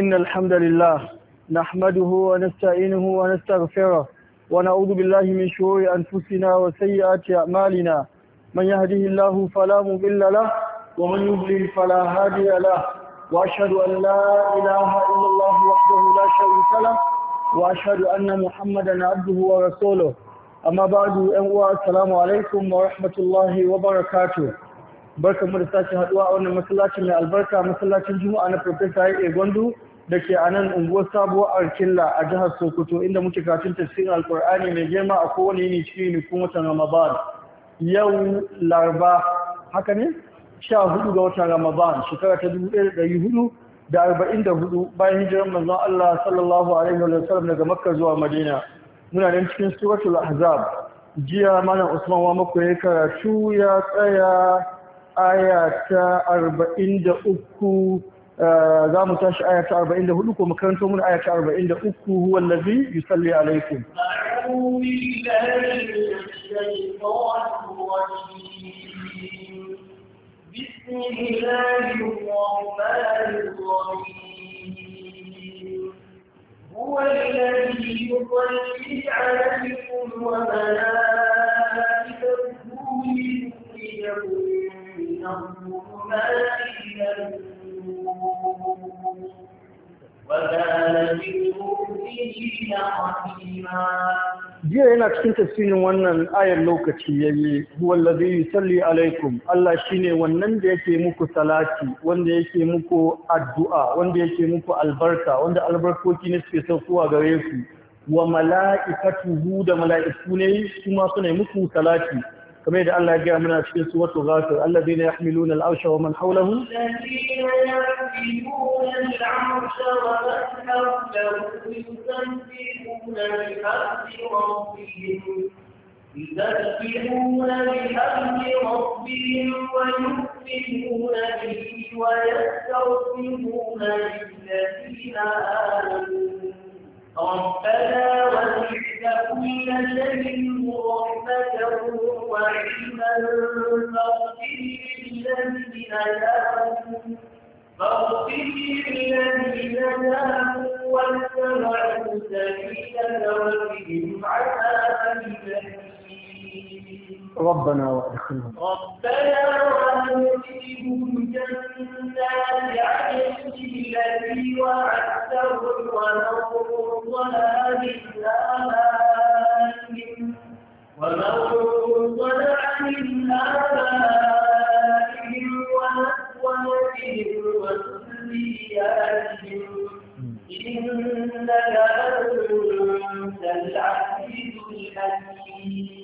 إن الحمد لله نحمده ونستعينه ونستغفره ونعوذ بالله من شرور أنفسنا وسيئات أعمالنا من يهده الله فلا مضل له ومن يضلل فلا هادي له وأشهد أن لا إله إلا الله وحده لا شريك له وأشهد أن محمدا عبده ورسوله أما بعد أنواع السلام عليكم ورحمة الله وبركاته barkan mu da sake haduwa a wannan masallacin mai albarka masallacin juma'a na professor Yahya Gondo da ke a nan unguwar sabuwar arkilla a jihar sokoto inda muke kafin tafsirin alkur'ani mai girma a kowane yini cikin yinikun watan ramadan yau laraba haka ne sha hudu ga watan ramadan shekara ta dubu ɗaya da hudu da arba'in da hudu bayan hijirar manzon allah sallallahu alaihi wa sallam daga makka zuwa madina muna nan cikin suratul ahzab jiya malam usman wa mako ya karatu ya tsaya aya ta arba'in da uku za mu tashi aya ta 44 ko makarantar mun aya ta 43 huwa allazi yusalli alaikum a'udhu billahi minash shaitanir rajim bismillahir rahmanir rahim huwa allazi yusalli jiya yana cikin tafsirin wannan ayar lokaci ya yi huwa Salli yusalli alaikum Allah shine wannan da yake muku salati wanda yake muku addu'a wanda yake muku albarka wanda albarkoki ne suke saukowa gare ku wa mala'ikatuhu da mala'iku ne kuma suna muku salati كما يدعى الله جاء من أشياء سورة الغافر الذين يحملون العرش ومن حوله الذين يحملون العرش ومن حوله ربهم بحمد ربهم ويؤمنون به ويستغفرون للذين آمنوا ربنا وسعت كل شيء رحمة وعلما فاغفر للذين تابوا فاغفر للذين تابوا واتبعوا سبيلك وقهم عذاب الجحيم ربنا وادخلهم ربنا وادخلهم جنات عدن التي وعدتهم ومن صنع من آبائهم ومن صنع من إنك أنت العزيز الحكيم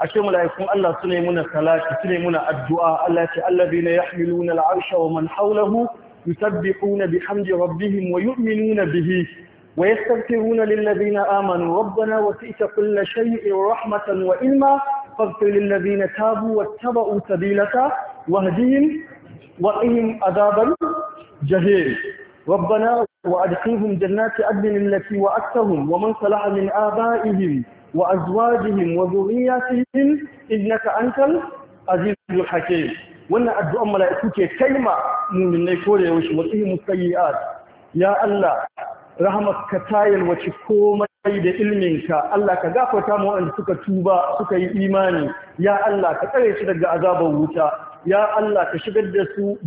ashe mala'ikun Allah suna yi muna salati suna muna addu'a Allah ce allazina yahmiluna al'arsha wa man hawlahu yusabbihuna bihamdi rabbihim wa yu'minuna bihi wa yastaghfiruna na amanu rabbana wasi'ta kulla shay'in rahmatan wa ilma faghfir lillazina tabu wattaba'u sabilaka wahdihim وقهم عذاب جهيل ربنا وأدخلهم جنات wa التي وعدتهم ومن صلح من آبائهم wa azwajihim wa zurriyatihim innaka antal azizul hakim wannan addu'an mala'iku ke kaima mu'minai ko da yaushe wa qihim sayyi'at ya Allah rahmatka tayil wa ci komai da ilminka Allah ka gafarta mu wanda suka tuba suka yi imani ya Allah ka tsare su daga azabar wuta ya Allah ka shigar da su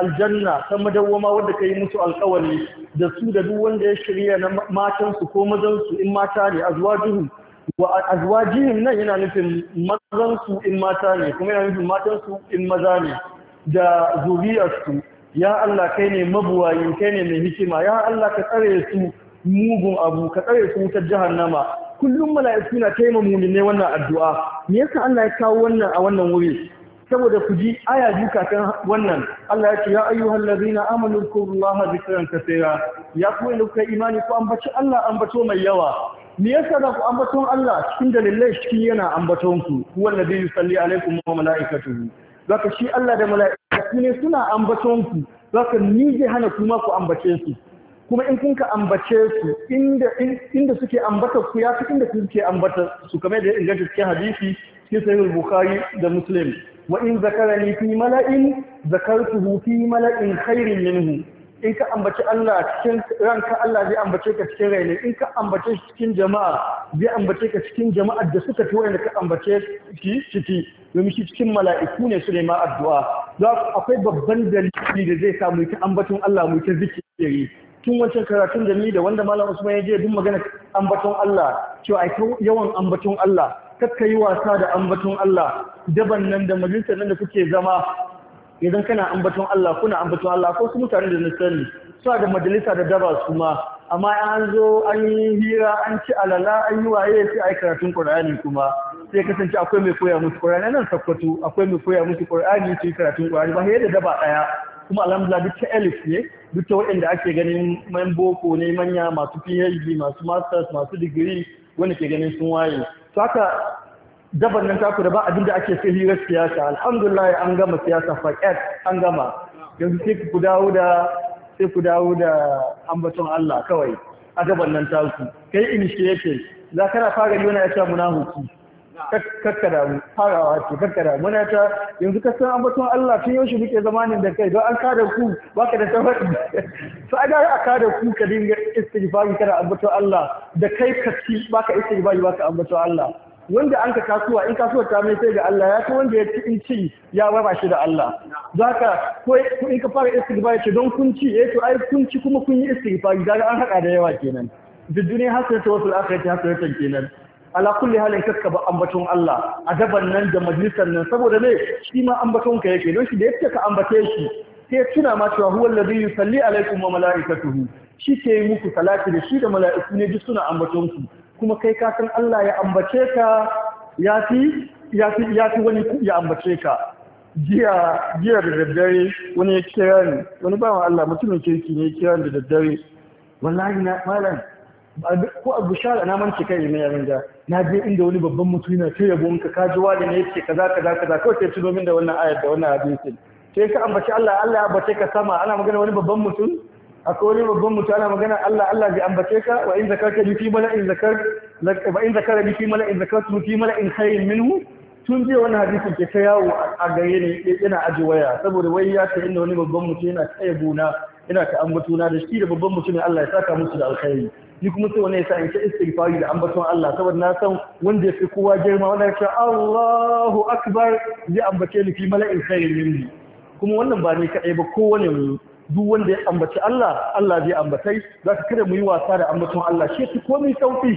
aljanna ta madawwama wanda ka yi musu alkawari da su da duk wanda ya shirya na matansu ko mazansu in mata ne azwajuhum wa azwajihim nan yana nufin mazansu in mata ne kuma yana nufin matansu in maza ne da zuriyarsu ya Allah kai ne mabuwayi kai ne mai hikima ya Allah ka tsare su mugun abu ka tsare su wutar jahannama kullum mala'iku na taimaka mu'minai wannan addu'a me yasa Allah ya kawo wannan a wannan wuri saboda ku ji aya duka kan wannan Allah ya ce ya ayyuhal ladina amanu zkurullaha zikran kaseera ya ku ne kuka imani ku ambaci Allah ambato mai yawa me yasa za ku ambaton Allah cikin dalilai shi yana ambaton ku huwa alladhi yusalli alaikum wa malaikatuhu zaka shi Allah da malaikatu ne suna ambaton ku zaka ni zai hana kuma ku ambace su kuma in kun ka ambace su inda inda suke ambata ku ya fi inda suke ambata su kamar da inganta cikin hadisi cikin sahih bukhari da muslim wa in zakarani fi mala'in zakartuhu fi mala'in khairin minhu in ka ambaci Allah cikin ranka Allah zai ambace ka cikin raini in ka ambace shi cikin jama'a zai ambace ka cikin jama'ar da suka fi wanda ka ambace shi ciki domin shi cikin mala'iku ne su ne ma addu'a za akwai babban dalili da zai samu ta ambaton Allah mu ta zikiri tun wancan karatun da ni da wanda malam Usman ya je duk magana ambaton Allah cewa ai yawan ambaton Allah kakka yi wasa da ambaton Allah daban nan da majalisar nan da kuke zama idan kana ambaton Allah kuna ambaton Allah ko su mutane da na sani suna da majalisa da daba su ma amma an zo an yi hira an ci alala an yi waye a yi karatun Qur'ani kuma sai kasance akwai mai koya musu Qur'ani nan sakwato akwai mai koya musu su yi karatun Qur'ani ba da daba ɗaya kuma alhamdulillah duk ta elif ne duk ta waɗanda ake ganin man boko ne manya masu PhD masu masters masu digiri wani ke ganin sun waye to haka daban nan taku da ba abin da ake sai hirar siyasa alhamdulillah an gama siyasa faƙet an gama yanzu sai ku dawo da sai ku dawo da ambaton Allah kawai a gaban nan taku kai initiative za kana fara yi wani ya munahuki kakkada mu farawa ce kakkada muna ta yanzu ka san ambaton Allah tun yaushe muke zamanin da kai don an kada ku ba ka da tabbaci to a gara a kada ku ka dinga istighfari kana ambaton Allah da kai ka ci ba ka istighfari ka ambaton Allah wanda an ka kasuwa in kasuwar ta mai sai ga Allah ya fi wanda ya ci in ci ya raba shi da Allah za ka ko in ka fara istighfar ce don kun ci eh to ai kun ci kuma kun yi istighfar ga an haɗa da yawa kenan duk duniya ta wasu al'akari hasarta kenan ala kulli halin ka ba ambaton Allah a daban nan da majalisar nan saboda ne shi ma ambaton ka yake don shi da yake ka ambace shi sai tuna ma cewa huwa alladhi yusalli alaikum wa malaikatuhu shi ke muku salati da shi da mala'iku ne duk suna ambaton ku kuma kai ka san Allah ya ambace ka ya fi ya fi ya wani ya ambace ka jiya jiya da daddare wani ya kira ni wani ba wa Allah mutumin kirki ne ya kira ni da daddare wallahi na malam ko abu shara na mance kai ne yayin da na je inda wani babban mutum yana ta yabon ka ka ji wani ne yace kaza kaza kaza kawai sai ci domin da wannan ayar da wannan hadisin sai ka ambaci Allah Allah ya ambace ka sama ana magana wani babban mutum akwai wani babban mutum ana magana Allah Allah zai ambace ka wa in zakarta bi fi mala'in zakar wa in zakara bi fi mala'in zakartu fi mala'in khayrin minhu tun jiya wannan hadisin ke ta yawo a gare ne yana aji waya saboda wai ya ta inda wani babban mutum yana tsaye gona yana ta na, da shi da babban mutumin Allah ya saka musu da alkhairi ni kuma sai wani ya sa in ta istighfari da ambaton Allah saboda na san wanda ya fi kowa girma wanda ya ce Allahu akbar zai ambace ni fi mala'in khayrin minhu kuma wannan ba ne kadai ba kowane mu duk wanda ya ambaci Allah Allah zai ambatai za ka kada mu yi wasa da ambaton Allah shi fi komai sauki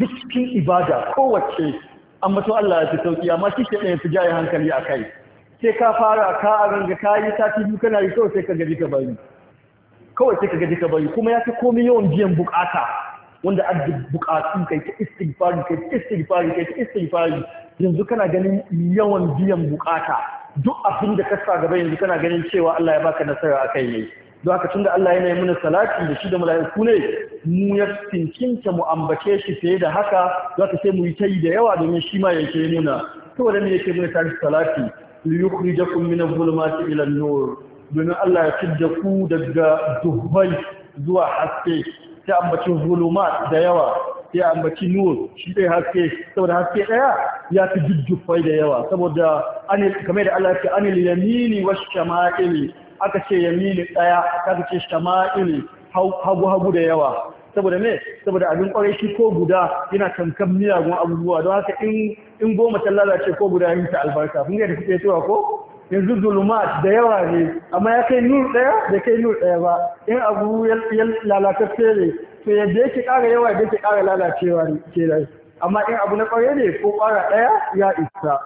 duk cikin ibada kowace ambaton Allah ya fi sauƙi. amma shi ke ɗaya su jaye hankali a kai sai ka fara ka a ranga ka yi sati biyu kana yi kawai sai ka gaji ka bari kawai sai ka gaji ka bari kuma ya fi komai yawan biyan bukata wanda an bukatu kai ta istighfari kai ta istighfari kai ta istighfari yanzu kana ganin yawan biyan bukata duk abin da ka sa gaba yanzu kana ganin cewa Allah ya baka nasara a kai ne don tun da Allah yana yi mana salati da shi da mala'iku ne mu ya tinkinta mu ambace shi fiye da haka za ka sai mu yi tayi da yawa domin shi ma yake nuna saboda ne yake nuna tarihi salati liyukhrijakum min adh-dhulumati ila an-nur domin Allah ya fidda ku daga duhai zuwa haske sai ambacin zulumat da yawa ya ambaci nur shi dai haske saboda haske daya ya fi jujjufai da yawa saboda kamar da Allah ya anil yamini wa shama'ili aka ce yamini daya aka ce shama'ili hagu hagu da yawa saboda me saboda abin kwarai shi ko guda yana kankan miyagun abubuwa don haka in in goma ta lalace ko guda yin ta albarka kun ga da kuke cewa ko yanzu zulumat da yawa ne amma ya kai nur daya da kai nur daya ba in abu ya lalatacce ne to yadda yake ƙara yawa da yake ƙara lalacewa kenan amma in abu na kwarai ne ko kwara ɗaya ya isa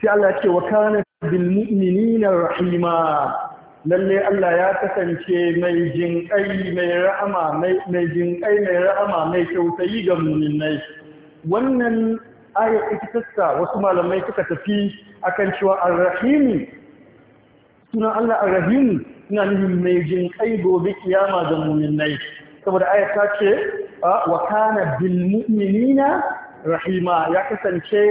sai Allah ce wa kana bil mu'minina rahima lalle Allah ya kasance mai jinƙai mai rahama mai mai mai rahama mai kyautayi ga mu'minai wannan aya ita wasu malamai suka tafi akan cewa ar-rahim sunan Allah ar-rahim suna nufin mai jinƙai gobe kiyama ga mu'minai saboda ayat ta ce wa kana bil mu'minina rahima ya kasance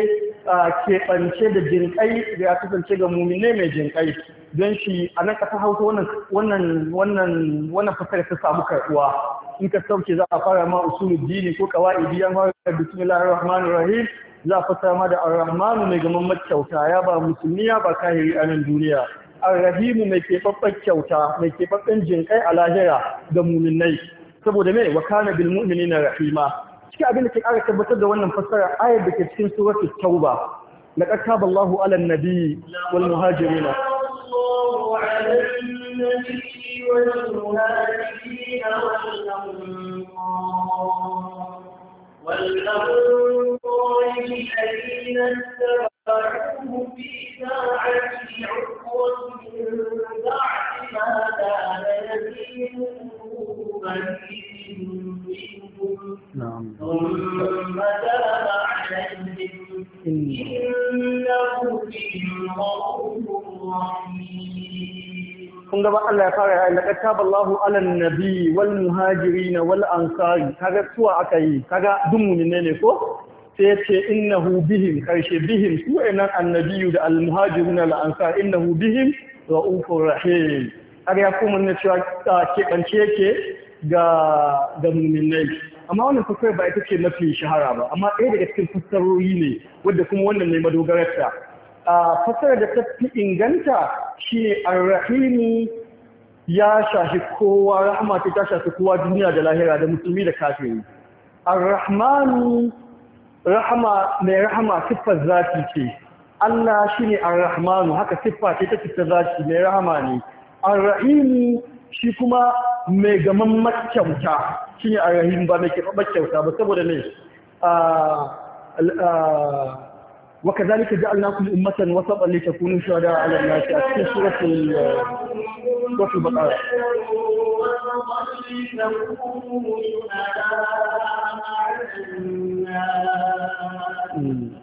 keɓance da jinƙai ya kasance ga mumine mai jinƙai don shi a nan ƙasa hausa wannan wannan fasar ta samu karɓuwa in ka sauke za a fara ma usulul dini ko kawa'idi an fara bismillahir rahmanir rahim za a fasara ma da ar-rahmanu mai gaman makyauta ya ba musulmi ya ba kahiri a nan duniya ar-rahimu mai keɓaɓɓen kyauta mai keɓaɓɓen jinƙai a lahira ga muminai saboda mai wakana bil mu'minina rahima cikin abin da ke ƙara tabbatar da wannan fassara ayar da ke cikin suratul tauba la kataba Allahu 'ala an-nabi wal muhajirin Thank you. قليل منهم نعم ثم تاب عليهم إنه بهم غفور رحيم kun gaba Allah ya fara yayin laqad taballahu ala nabi wal muhajirin wal ansari kaga suwa aka yi kaga dun munne ne ko sai ya ce innahu bihim karshe bihim su ina annabiyu da al muhajirin al ansar innahu bihim raufur rahim kaga ya kuma ne cewa ke kance yake ga ga mu'minai amma wannan fassarar ba ita ce mafi shahara ba amma ɗaya daga cikin fassarori ne wadda kuma wannan ne madogararta a fassarar da ta fi inganta shi shine arrahimi ya shafi kowa rahama ce ta shafi kowa duniya da lahira da musulmi da kafiri arrahmanu rahama mai rahama siffar zafi ce Allah shi shine arrahmanu haka siffa ce ta fita zafi, mai rahama ne arrahimu shi kuma mai gaman makyauta shi ne a rahim ba mai makyauta ba saboda ne wa kazalika ja'alnakum ummatan wasatan litakunu shuhada 'ala an-nasi a cikin suratul suratul baqara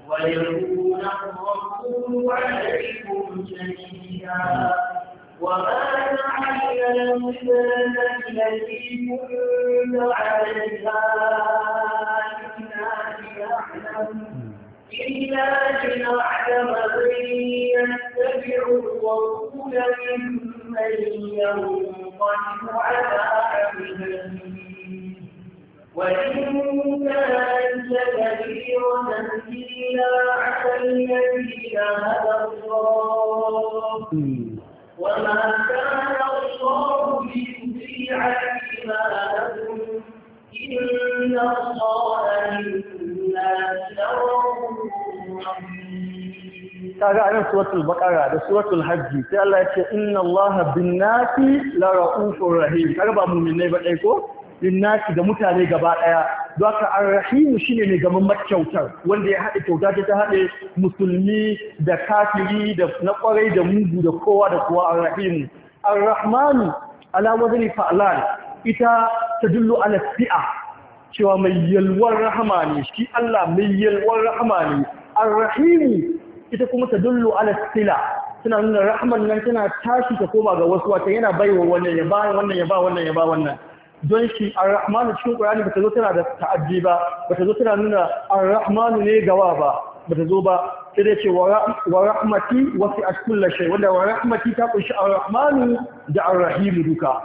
ويكون الرسول عليكم شهيدا وما جعلنا المسلمة التي كنت عليها إلا لنعلم إلا لنعلم من يتبع الرسول ممن ينقلب على عبده وإن كانت لكبيرة إلا على الذين الله وما كان الله suratul baƙara da suratul hajji sai Allah ya ce inna allaha binnati la ra'ufur rahim kaga ba mu'minai ba dai ko binnati da mutane gaba ɗaya. don haka arrahimu shine mai gaban makyautar wanda ya haɗe kyauta ta haɗe musulmi da kafiri da na kwarai da mugu da kowa da kowa al-Rahimu. arrahimu arrahmanu ala wazni fa'lan ita ta dullo ala si'a cewa mai yalwar rahama ne shi Allah mai yalwar rahama ne Al-Rahimu ita kuma ta dullo ala sila suna nuna rahaman nan tana tashi ta koma ga wasu wata yana baiwa wannan ya ba wannan ya ba wannan ya ba wannan don shi ar-rahmanu cikin qur'ani bata zo tana da ta'addi ba bata zo tana nuna ar-rahmanu ne gawa ba bata zo ba sai dai ce wa rahmati a kulli shay wanda wa rahmati ta kunshi ar-rahmanu da ar-rahim duka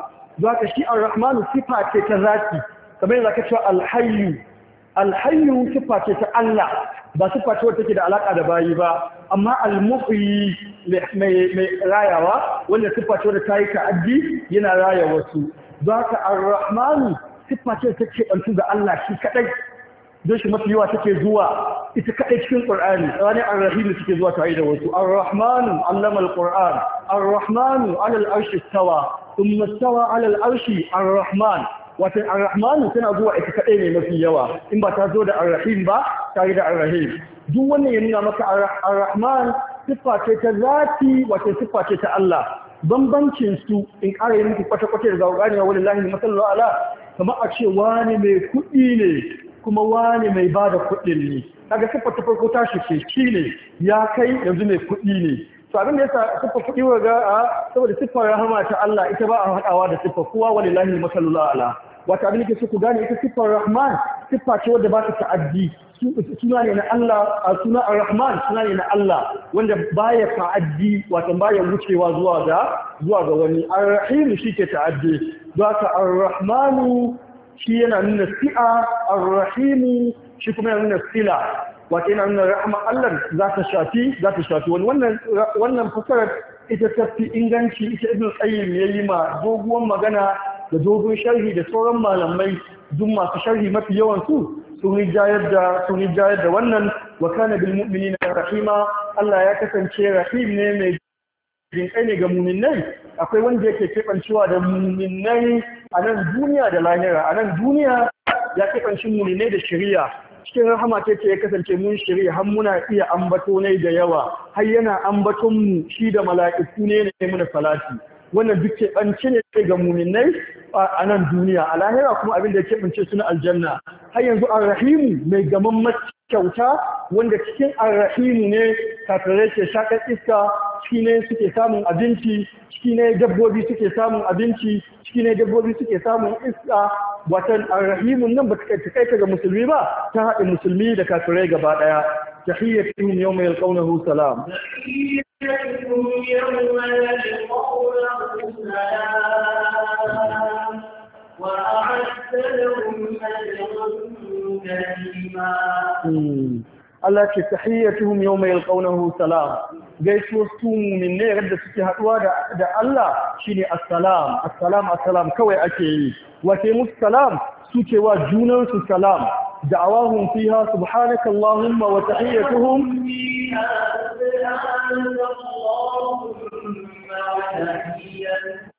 zaka shi ar-rahmanu sifa ce ta zaki kamar yadda ka alhayu al-hayyu al-hayyu sifa ce ta Allah ba sifa ce wacce take da alaka da bayi ba amma al-muhyi mai rayawa wanda sifa ce wadda ta yi ta'addi yana raya wasu za ka arrahmanu siffa ce ta ce ɓantu ga Allah shi kaɗai don shi mafi yawa take zuwa ita kaɗai cikin ƙur'ani tsani arrahimu suke zuwa tare da wasu arrahmanu allama alƙur'an arrahmanu alal arshi tawa thumma tawa alal arshi arrahman wato arrahmanu tana zuwa ita kaɗai ne mafi yawa in ba ta zo da arrahim ba tare da arrahim duk wannan ya nuna maka arrahman siffa ce ta zati wato siffa ce ta Allah bambancin in ƙara yi muku kwata-kwata da zaɓa ne wani lahi matsalar ala a ce wani mai kuɗi ne kuma wani mai ba da kuɗin ne ga siffar ta farko ta shi shi ne ya kai yanzu mai kuɗi ne to abin da yasa siffa kuɗi wa ga saboda siffar rahama ta Allah ita ba a haɗawa da siffa kowa wani lahi matsalar ala wata abin da ke so ku gane ita siffar rahman siffa ce wadda ba ta ta'addi suna ne na Allah suna ar-rahman suna ne na Allah wanda baya ta'addi wato baya wucewa zuwa ga zuwa ga wani ar-rahim ke ta'addi don haka ar-rahmanu shi yana nuna si'a ar-rahimu shi kuma yana nuna sila wato yana nuna rahma Allah za ta shafi za ta shafi wani wannan wannan fasarar ita tafi inganci ita ibn qayyim yayi ma doguwar magana da dogon sharhi da sauran malamai duk masu sharhi mafi yawan su sun rijayar da sun rijayar da wannan wa kana bil mu'minina rahima Allah ya kasance rahim ne mai jin kai ne ga muminai akwai wanda yake kebancewa da muminai a nan duniya da lahira a nan duniya ya kebanci muminai da shari'a cikin rahama ce ce ya kasance mun shari'a har muna iya ambato ne da yawa har yana ambaton mu shi da mala'iku ne ne muna salati wannan duk kebanci ne ga muminai a nan duniya a lahira kuma abin da ya keɓance su na aljanna har yanzu arrahimu mai gaman kyauta wanda cikin arrahimu ne kafirai ke shaƙar iska ciki ne suke samun abinci ciki ne dabbobi suke samun abinci ciki ne dabbobi suke samun iska watan arrahimun nan ba ta kai ga musulmi ba ta haɗe musulmi da kafirai gaba ɗaya tahiyyatuhum yawma yalqawnahu salam tahiyyatuhum yawma yalqawnahu salam Allah ke ce tahiyyatuhum yawma yalqawnahu salam gaisuwar su mu'min ne yadda suke haduwa da Allah shi ne assalam assalam assalam kawai ake yi wace musu salam suke wa junan su salam da'awahum fiha subhanaka allahumma wa tahiyyatuhum Allahumma wa tahiyyatuhum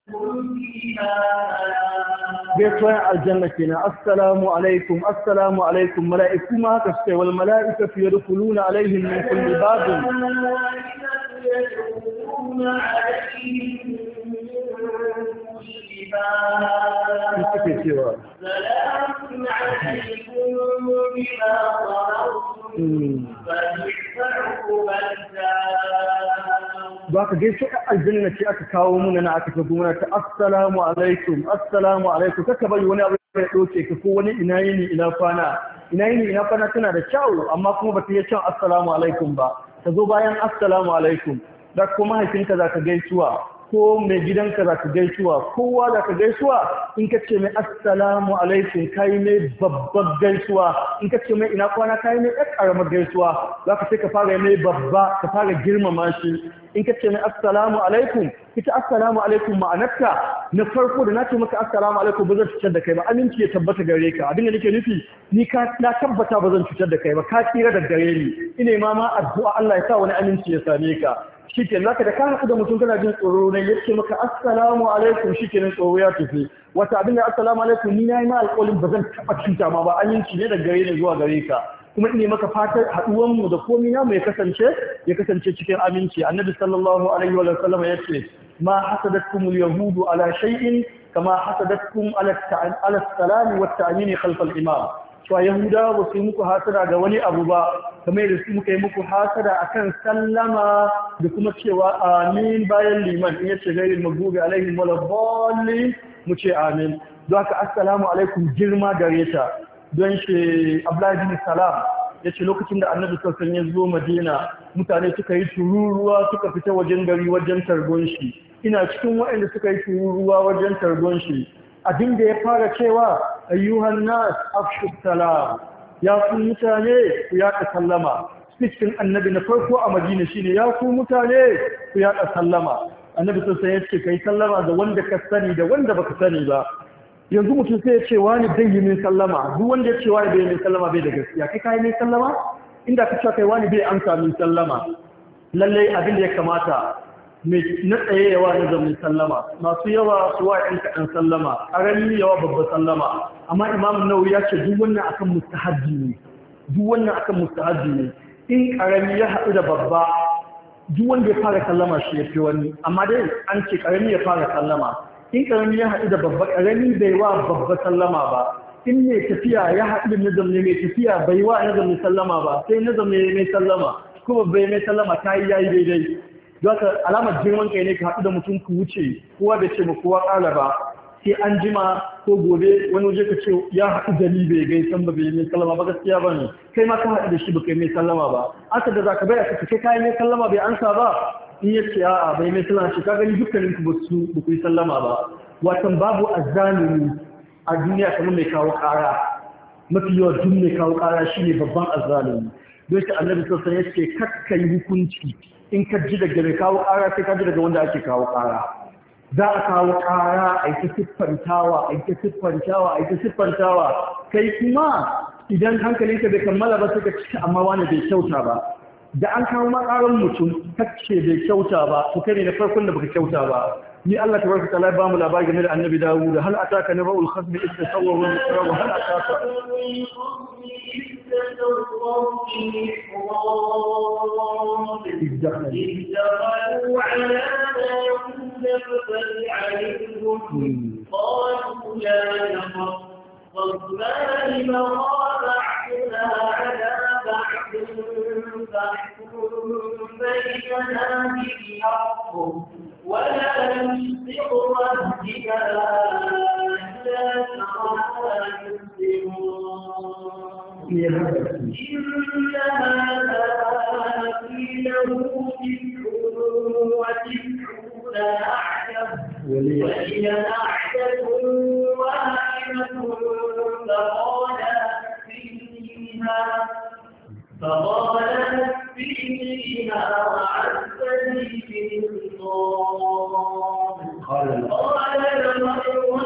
gaisuwan aljanna kenan assalamu alaikum assalamu alaikum mala'iku ma haka suke wal mala'ika fiye da kuluna alaihim min kulli cewa hmm. ba ka gaishe aljanna ce aka kawo muna na aka tafi muna ta assalamu alaikum assalamu alaikum kaka bari wani abu ya ɗauke ka ko wani ina ne ina kwana ina ne ina kwana tana da kyau amma kuma ba ta yi can assalamu alaikum ba ta zo bayan assalamu alaikum da kuma mahaifinka za ka gaisuwa ko mai gidanka za ka gaisuwa kowa za ka gaisuwa in ka ce mai assalamu alaikum kayi mai babbar gaisuwa in ka ce mai ina kwana kayi mai ɗan ƙaramar gaisuwa za ka sai ka fara mai babba ka fara girmama shi in ka ce mai assalamu alaikum ita assalamu alaikum ma'anarta na farko da na ce maka assalamu alaikum ba zan cutar da kai ba aminci ya tabbata gare ka abin da nake nufi ni ka na tabbata ba zan cutar da kai ba ka tsira da gare ni ina ma ma addu'a Allah ya sa wani aminci ya same ka shi ke da ka haɗu da mutum kana jin tsoro ne ya ce maka assalamu alaikum shi tsoro ya tafi wata abin da assalamu alaikum ni na yi ma alƙalin ba zan taɓa cuta ma ba aminci ne da gare ne zuwa gare ka kuma ina maka fatar haɗuwanmu mu da komi na ya kasance ya kasance cikin aminci annabi sallallahu alaihi wa sallam ya ce ma hasadatkum yahudu ala shay'in kama hasadatkum ala ala salami wa ta'mini khalf al-imam cewa yahudawa ba su yi muku hasara ga wani abu ba kamar da su muka yi muku hasara kan sallama da kuma cewa amin bayan liman in yace gairin magdubi Alaihi wala mu ce amin don haka assalamu alaikum girma gare ta don shi abdullahi salam ya ce lokacin da annabi sassan ya zo madina mutane suka yi tururuwa suka fita wajen gari wajen targon shi ina cikin waɗanda suka yi tururuwa wajen targon shi abin da ya fara cewa ayyuhan nas afshu salam ya ku mutane ku yaɗa sallama cikin annabi na farko a madina shine ya ku mutane ku yaɗa sallama annabi sassan ya ce kai sallama da wanda ka sani da wanda baka sani ba yanzu mutum sai ya ce wani bai yi sallama duk wanda ya ce wani bai yi sallama bai da gaskiya kai kai min sallama inda ka ce kai wani bai amsa min sallama lallai abin da ya kamata na tsaye yawa na zama sallama masu yawa su wa ɗan kaɗan sallama ƙarami yawa babba sallama amma imam nawawi ya ce duk wannan akan mustahabbi ne duk wannan akan mustahabbi ne in ƙarami ya haɗu da babba duk wanda ya fara sallama shi ya fi wani amma dai an ce ƙarami ya fara sallama in ƙarami ya haɗu da babba ƙarami bai wa babba sallama ba in mai tafiya ya haɗu da nazamne mai tafiya bai wa nazamne sallama ba sai nazamne mai sallama kuma bai mai sallama ta yi yayi daidai haka alamar girman kai ne ka haɗu da mutum ku wuce kowa bai ce ma kowa ƙara ba sai an jima ko gobe wani waje ka ce ya haɗu da ni bai gai san ba bai mai sallama ba gaskiya ba ne kai ma ka haɗu da shi ba kai mai sallama ba aka da za zaka bai aka kai kayan mai sallama bai ansa ba in ya ce a'a bai mai sallama shi ka gani dukkanin ku ba su ba sallama ba watan babu azzalimi a duniya kamar mai kawo ƙara mafi yawa duk mai kawo ƙara ne babban azzalimi don shi annabi sassan ya ce kakka hukunci in ka ji daga mai kawo ƙara sai ka ji daga wanda ake kawo ƙara za a kawo ƙara a yi ta siffantawa a yi ta siffantawa a yi ta siffantawa kai kuma idan ka bai kammala ba sai ka ci amma wani bai kyauta ba da an kawo makarar mutum kacce bai kyauta ba to kai ne na farkon da baka kyauta ba ni Allah Ta barka ta'ala ba mu labari game da annabi Dawud hal ataka nabaul khasbi idh wa hal ataka تتصرف في دخلوا على داود فسألهم قالوا لا نخف غضبان بغى بعضنا على بعض فاحكم بيننا بالحق ولا نصدق ربنا إلا كما يصدقون sai ya rasa shi inna ma lahu tikrun wa فقال نسبيها وعزني في الخطاب قال لقد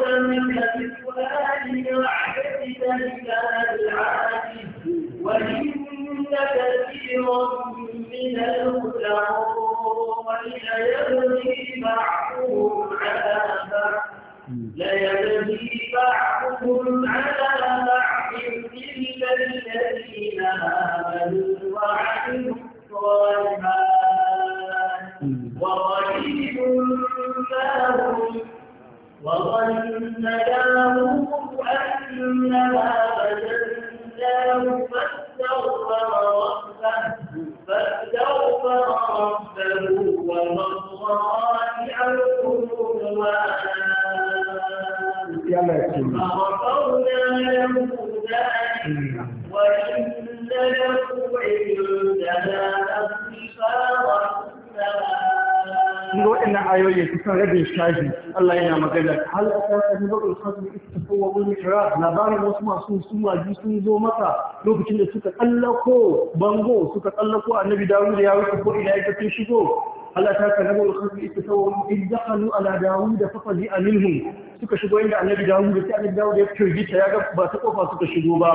لم تكن فؤادي وعدتك لسان وإن كثيرا من الهدى وإلى يبني بعضهم labarin wasu masu sumaji sun zo masa lokacin da suka tsallako bango suka tsallako annabi dawud ya wuce ko ina ya sun shigo Allah ta kana wa ita istawu in dakhalu ala dawud fa fazi minhum suka shigo inda annabi dawud sai annabi dawud ya firgita ya ga ba ta kofa suka shigo ba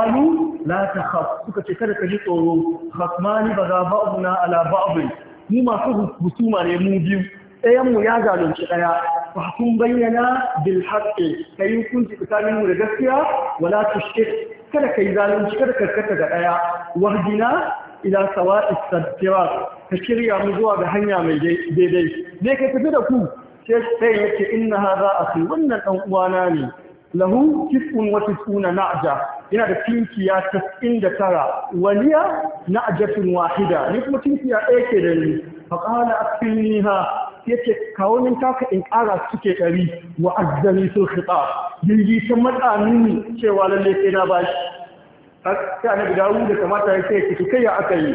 alu la takhaf suka ce kada ka ji tsoro khasmani ba za na ala ba'd mu masu husuma ne mu biyu ɗayanmu ya zalunci ɗaya fa kun bayyana bil haqqi kai hukunci tsakanin mu da gaskiya wala tushrik kada kai zalunci kada karkata ga ɗaya wahdina ila sawa'i sabira ka shirya mu zuwa ga hanya mai daidai zai ka tafi da ku sai sai yake inna hadha akhi wannan dan uwana ne lahu kisun wa tisuna na'ja yana da tinkiya 99 waliya na'jatun wahida ni kuma tinkiya ɗaya ke da ni fa qala akfilniha yace kawo min taka in ƙara suke ɗari wa azzani sun khitab jirgi ta matsa mini cewa lalle sai na bashi sai annabi dawo da kamata ya sai kai ya aka yi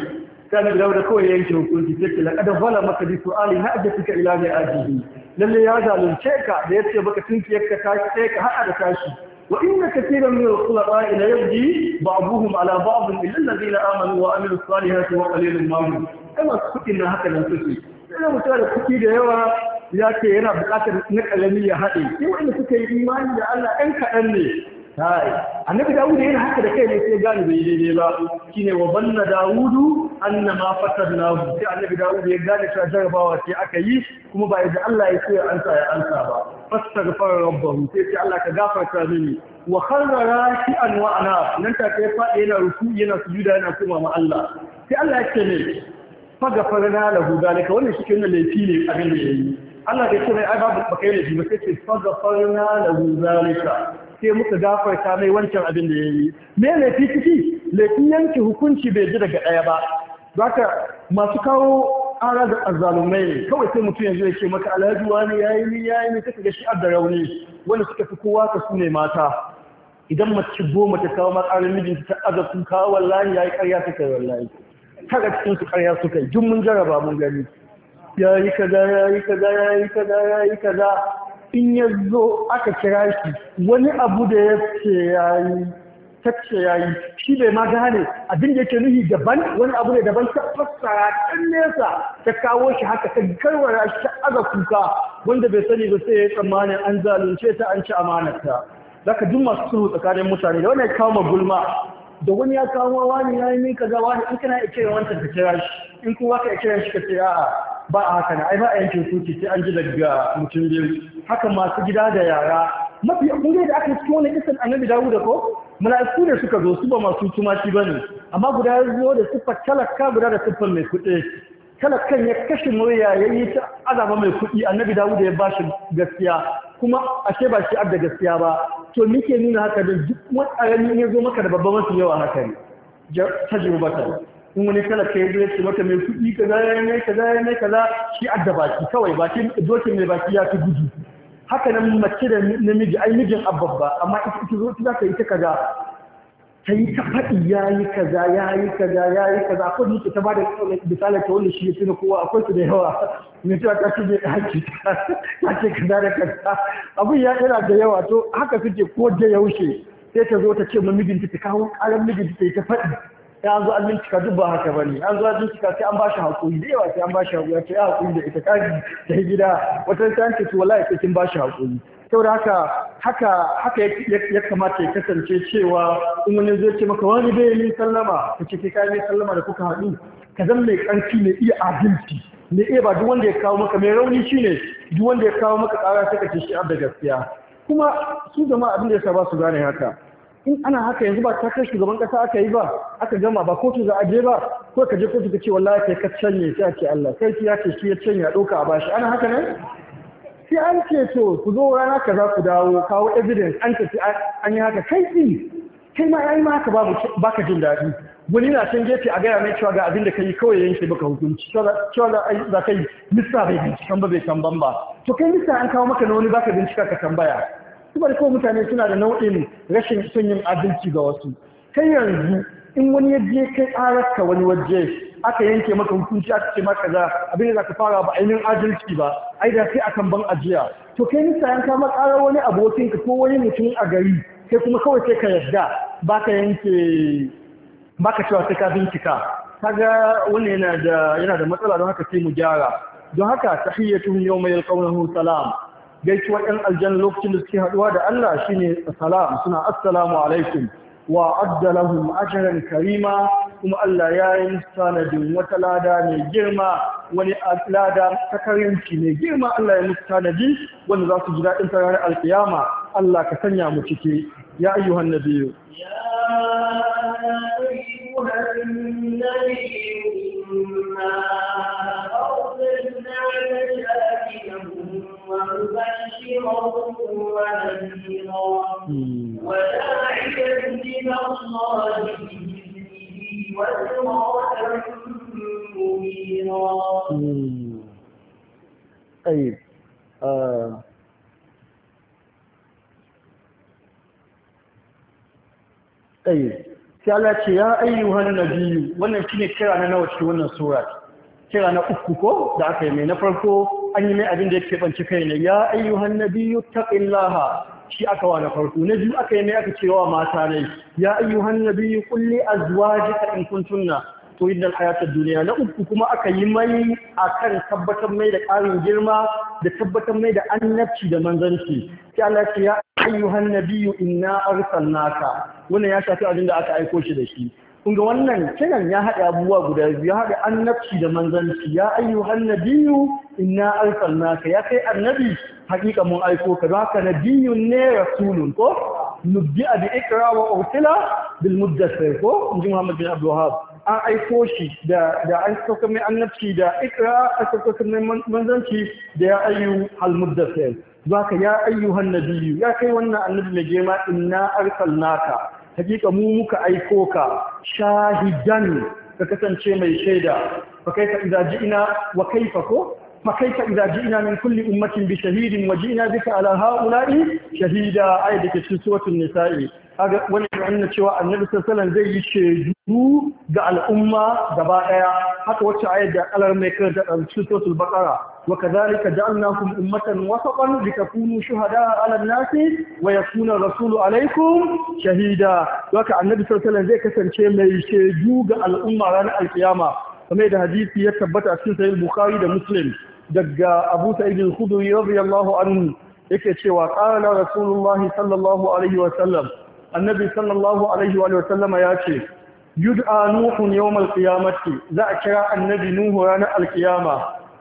sai annabi dawo da kawai yanke hukunci sai da laqad zalama ka bi su'ali na'jatuka ila mi'ajihi lalle ya zalunce ka da yace baka tunkiyarka ta sai ka hada da tashi wa inna katiran min al-khulafa'i ba yabdi ba'dhum ala ba'd illa alladhina amanu wa amilu salihati wa qalilun ma hum kama kudin da haka nan suke sai mutum da kuɗi da yawa ya ce yana buƙatar na kalami ya haɗe sai wanda suka yi imani da Allah ɗan kaɗan ne annabi dawud yana haka da kai ne sai gani bai daidai ba shine wa banna dawudu annama fatarnahu sai annabi dawud ya gane cewa jarabawa ce aka yi kuma ba da Allah ya ce ansa ya ansa ba fastaghfar rabbahu sai ce Allah ka gafarta mini wa kharra raki'an wa ana nan ta kai fa yana ruku yana sujuda yana kuma ma Allah sai Allah ya ce ne fagafarna lahu dalika wannan shi ne laifi ne abin da yayi Allah ya ce mai ai babu bakai laifi ba sai ce fagafarna lahu dalika sai muka gafarta mai wancan abin da ya yi me ne ciki laifin yanke hukunci bai ji daga ɗaya ba zaka masu kawo ara da azalumai kawai sai mutum yanzu ya ce maka alhaji wani yayi ni yayi ni kaka ga shi da rauni wanda suka fi kowa ka sune mata idan mace goma ta kawo matsarin mijinta ta aza sun kawo wallahi yayi ƙarya suka yi wallahi kaga cikin su ƙarya suka yi duk mun jaraba mun gani yayi kaza yayi kaza yayi kaza yayi kaza in ya zo aka kira shi wani abu da ya ce ya yi tacce ya yi shi bai ma gane abin da yake nuhi daban wani abu ne daban ta fassara ɗan nesa ta kawo shi haka ta garwara shi ta aga kuka wanda bai sani ba sai ya tsammanin an zalunce ta an ci amanarta zaka duk masu sulhu tsakanin mutane da wannan kawo gulma da wani ya kawo wani ya yi mika ga wani in kana ikirin wancan ka kira shi in kuma ka ikirin shi ka ce a, ba a haka na ai ba a sai an ji daga mutum biyu haka masu gida da yara mafi kun da aka cikin wani kisan annabi dawo da ko mala'iku ne suka zo su ba masu tumaci ne amma guda ya da siffar talaka guda da siffar mai kuɗi kan ya kashe murya ya yi ta azaba mai kuɗi annabi dawud ya bashi gaskiya kuma ashe ba shi abda gaskiya ba to muke nuna haka da duk wani ya zo maka da babban wasu yawa haka ne ta jiru ta. in wani talaka ya zo ya ce maka mai kuɗi kaza ya ne kaza ya ne kaza shi adda baki kawai baki doki mai baki ya fi gudu haka nan mace da namiji ai mijin abba amma ita zo ta yi ta kaza ta yi ta faɗi ya yi kaza ya yi kaza ya yi kaza akwai da yake ta bada misali ta wanda shi ya tuna kowa akwai su da yawa ne ta ta shige da haƙi ta ce kaza da kaza abin ya yana da yawa to haka suke ko da yaushe sai ta zo ta ce ma mijinta ta kawo ƙarar mijinta ta yi ta faɗi ya zo an bincika duk ba haka ba ne, an zo an bincika sai an bashi hakuri da yawa sai an bashi hakuri ya ce ya hakuri da ita kaji ta gida wata ta yanke to wallahi sai kin shi hakuri saboda haka haka haka ya kamata ya kasance cewa in wani zai ce maka wani bai yi sallama ka ce kai mai sallama da kuka haɗu ka zan mai ƙarfi mai iya adalci mai iya ba duk wanda ya kawo maka mai rauni shine duk wanda ya kawo maka ƙara sai ka ce shi da gaskiya kuma su jama'a abin da ya ba su gane haka in ana haka yanzu ba ta kai shugaban kasa aka yi ba aka gama ba kotu za a je ba ko ka je kotu ka ce wallahi kai ka canye sai a ce Allah kai ya ce shi ya canya doka a bashi ana haka ne sai an ce to ku zo rana za ku dawo kawo evidence an ce an yi haka kai tsi kai ma yayi ma haka babu baka jin daɗi wani na can gefe a gaya mai cewa ga abin da kai kawai yanke baka hukunci cewa za kai mista bai bincikan ba bai tamban ba to kai mista an kawo maka na wani baka bincika ka tambaya kuma da kawai mutane suna da nau'in rashin son yin adalci ga wasu kai yanzu in wani ya je kai ƙararka wani waje aka yanke maka hukunci aka ce maka za abin da za ka fara ba ainihin adalci ba ai da sai akan ban ajiya to kai nisa kama makarar wani abokinka ko wani mutum a gari sai kuma kawai sai ka yarda ba ka yanke ba ka cewa sai ka bincika kaga wani yana da yana da matsala don haka sai mu gyara don haka tahiyyatun yawma yalqawnahu salam gaisuwar ɗan aljanna lokacin da suke haɗuwa da Allah shine salam suna assalamu alaikum wa adda ajran karima kuma Allah ya yi musu wata lada mai girma wani lada ta karinci mai girma Allah ya musu tanadi wanda za su ji daɗin ranar alkiyama Allah ka sanya mu ciki ya ayyuhan nabiyu وَنَذِيرًا وَدَاعِيًا إِلَى اللَّهِ وامرأة طيب طيب sai ce ya ayyuhan wannan shine kira na nawa cikin wannan sura kira na uku ko da aka yi mai na farko an yi mai abin da yake banci kai ne ya ayyuhan nabiyyu taqillaha shi aka wa na farko na biyu aka yi mai aka cewa mata ne ya ayyuhan nabiyyu kulli azwajika in kuntunna to idan hayatar duniya na uku kuma aka yi mai akan tabbatar mai da ƙarin girma da tabbatar mai da annabci da manzanci sai Allah ya ayyuhan nabiyyu inna arsalnaka wannan ya shafi abin da aka aiko shi da shi kunga wannan kiran ya haɗa abubuwa guda biyu ya haɗa annabci da manzanci ya ayyuhan nabiyyu inna arsalnaka ya kai annabi hakika mun aiko ka don haka nabiyun ne rasulun ko nubbi'a bi ikra wa utila bil muddathir ko inji Muhammad bin Abdul an aiko shi da an sauka mai annabci da ikra a sauka mai manzanci da ya ayyu al Za zaka ya ayyuhan nabiyyu ya kai wannan annabi mai na inna naka. hakika mu muka aiko ka shahidan ka kasance mai shaida fa kaifa idza ina wa kaifa ko فكيف إذا جئنا من كل أمة بشهيد وجئنا بك على هؤلاء شهيدا آية في سورة النساء kaga wani nuna cewa annabi sallallahu zai yi shaidu ga al'umma gaba ɗaya? haka wacce ayar da alar mai karanta a cikin suratul baqara wa kadhalika ja'alnakum ummatan wasatan litakunu shuhada'a 'ala nasi wa yakuna rasulu alaikum? shahida haka annabi sallallahu zai kasance mai shaidu ga al'umma ranar alkiyama kamar da hadisi ya tabbata a cikin sahih bukhari da muslim daga Abu Sa'id al-Khudri radiyallahu anhu yake cewa qala Rasulullah sallallahu alaihi wa annabi sallallahu alaihi wa ya ce yud'a nuhun yawm al-qiyamati za a kira annabi nuhu ranar al-qiyama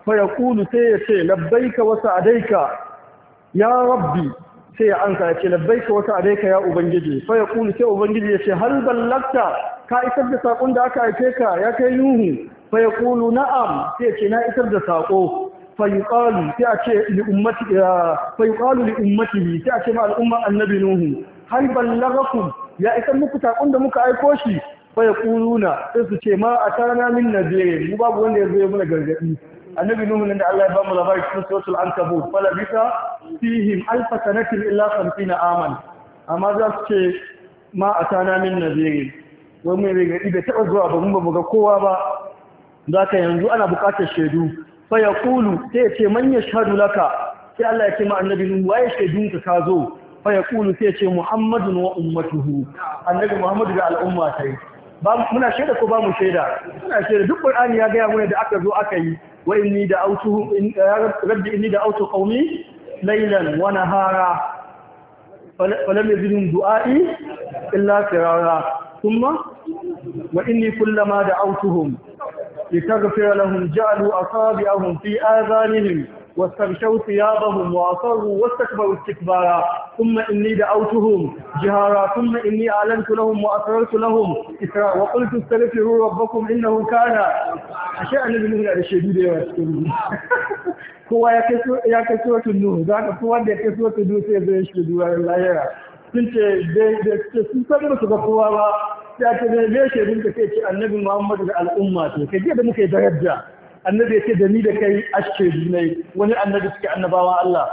fa yaqulu sai ya ce labbaika wasu sa'daika ya rabbi sai ya ansa ya ce labbaika wasu sa'daika ya ubangiji fa yaqulu sai ubangiji ya ce hal ballagta ka isar da saƙon da aka haife ka ya kai nuhu fa yaqulu na'am sai ya ce na isar da saƙo. fayuqalu sai ce li ummati sai ce ma al'umma annabi nuhu hal ballagakum ya isan muku takon da muka aiko shi fa sai su ce ma atana min nabiyyin mu babu wanda ya zo muna gargadi annabi nuhu nan da Allah ya ba mu labari cikin suratul ankabut fala bisa fihim alf sanatin illa na aman amma za su ce ma atana min nabiyyin Wani mai gargadi bai taba zuwa ba mun ba mu ga kowa ba zaka yanzu ana buƙatar shaidu fa yaqulu sai ya ce man yashhadu laka sai Allah ya ce ma annabi nuhu waye shaidunka ka zo fa yaqulu sai ya ce muhammadun wa ummatuhu annabi muhammadu da al'umma sai muna shaida ko ba mu shaida muna shaida duk qur'ani ya gaya mana da aka zo aka yi wa inni da autu rabbi inni da autu qaumi laylan wa nahara falam yazidhum du'ai illa firara thumma wa inni kullama da'awtuhum لتغفر لهم جعلوا أصابعهم في آذانهم واستغشوا ثيابهم وأصروا واستكبروا استكبارا ثم إني دعوتهم جهارا ثم إني أعلنت لهم وأسررت لهم إسراء وقلت استغفروا ربكم إنه كان أشياء من هنا الشديد يا ya kai suwatun nuhu za ka kowa يا ya النور suwatun nuhu sai zai shi da duwar layara sun ce sun san ba su ga kowa ba da ta ne ne rinka sai ce annabi muhammad da al'umma ce kai da muka yi daraja annabi ce da ni da kai ashe ne wani annabi ce annabawa Allah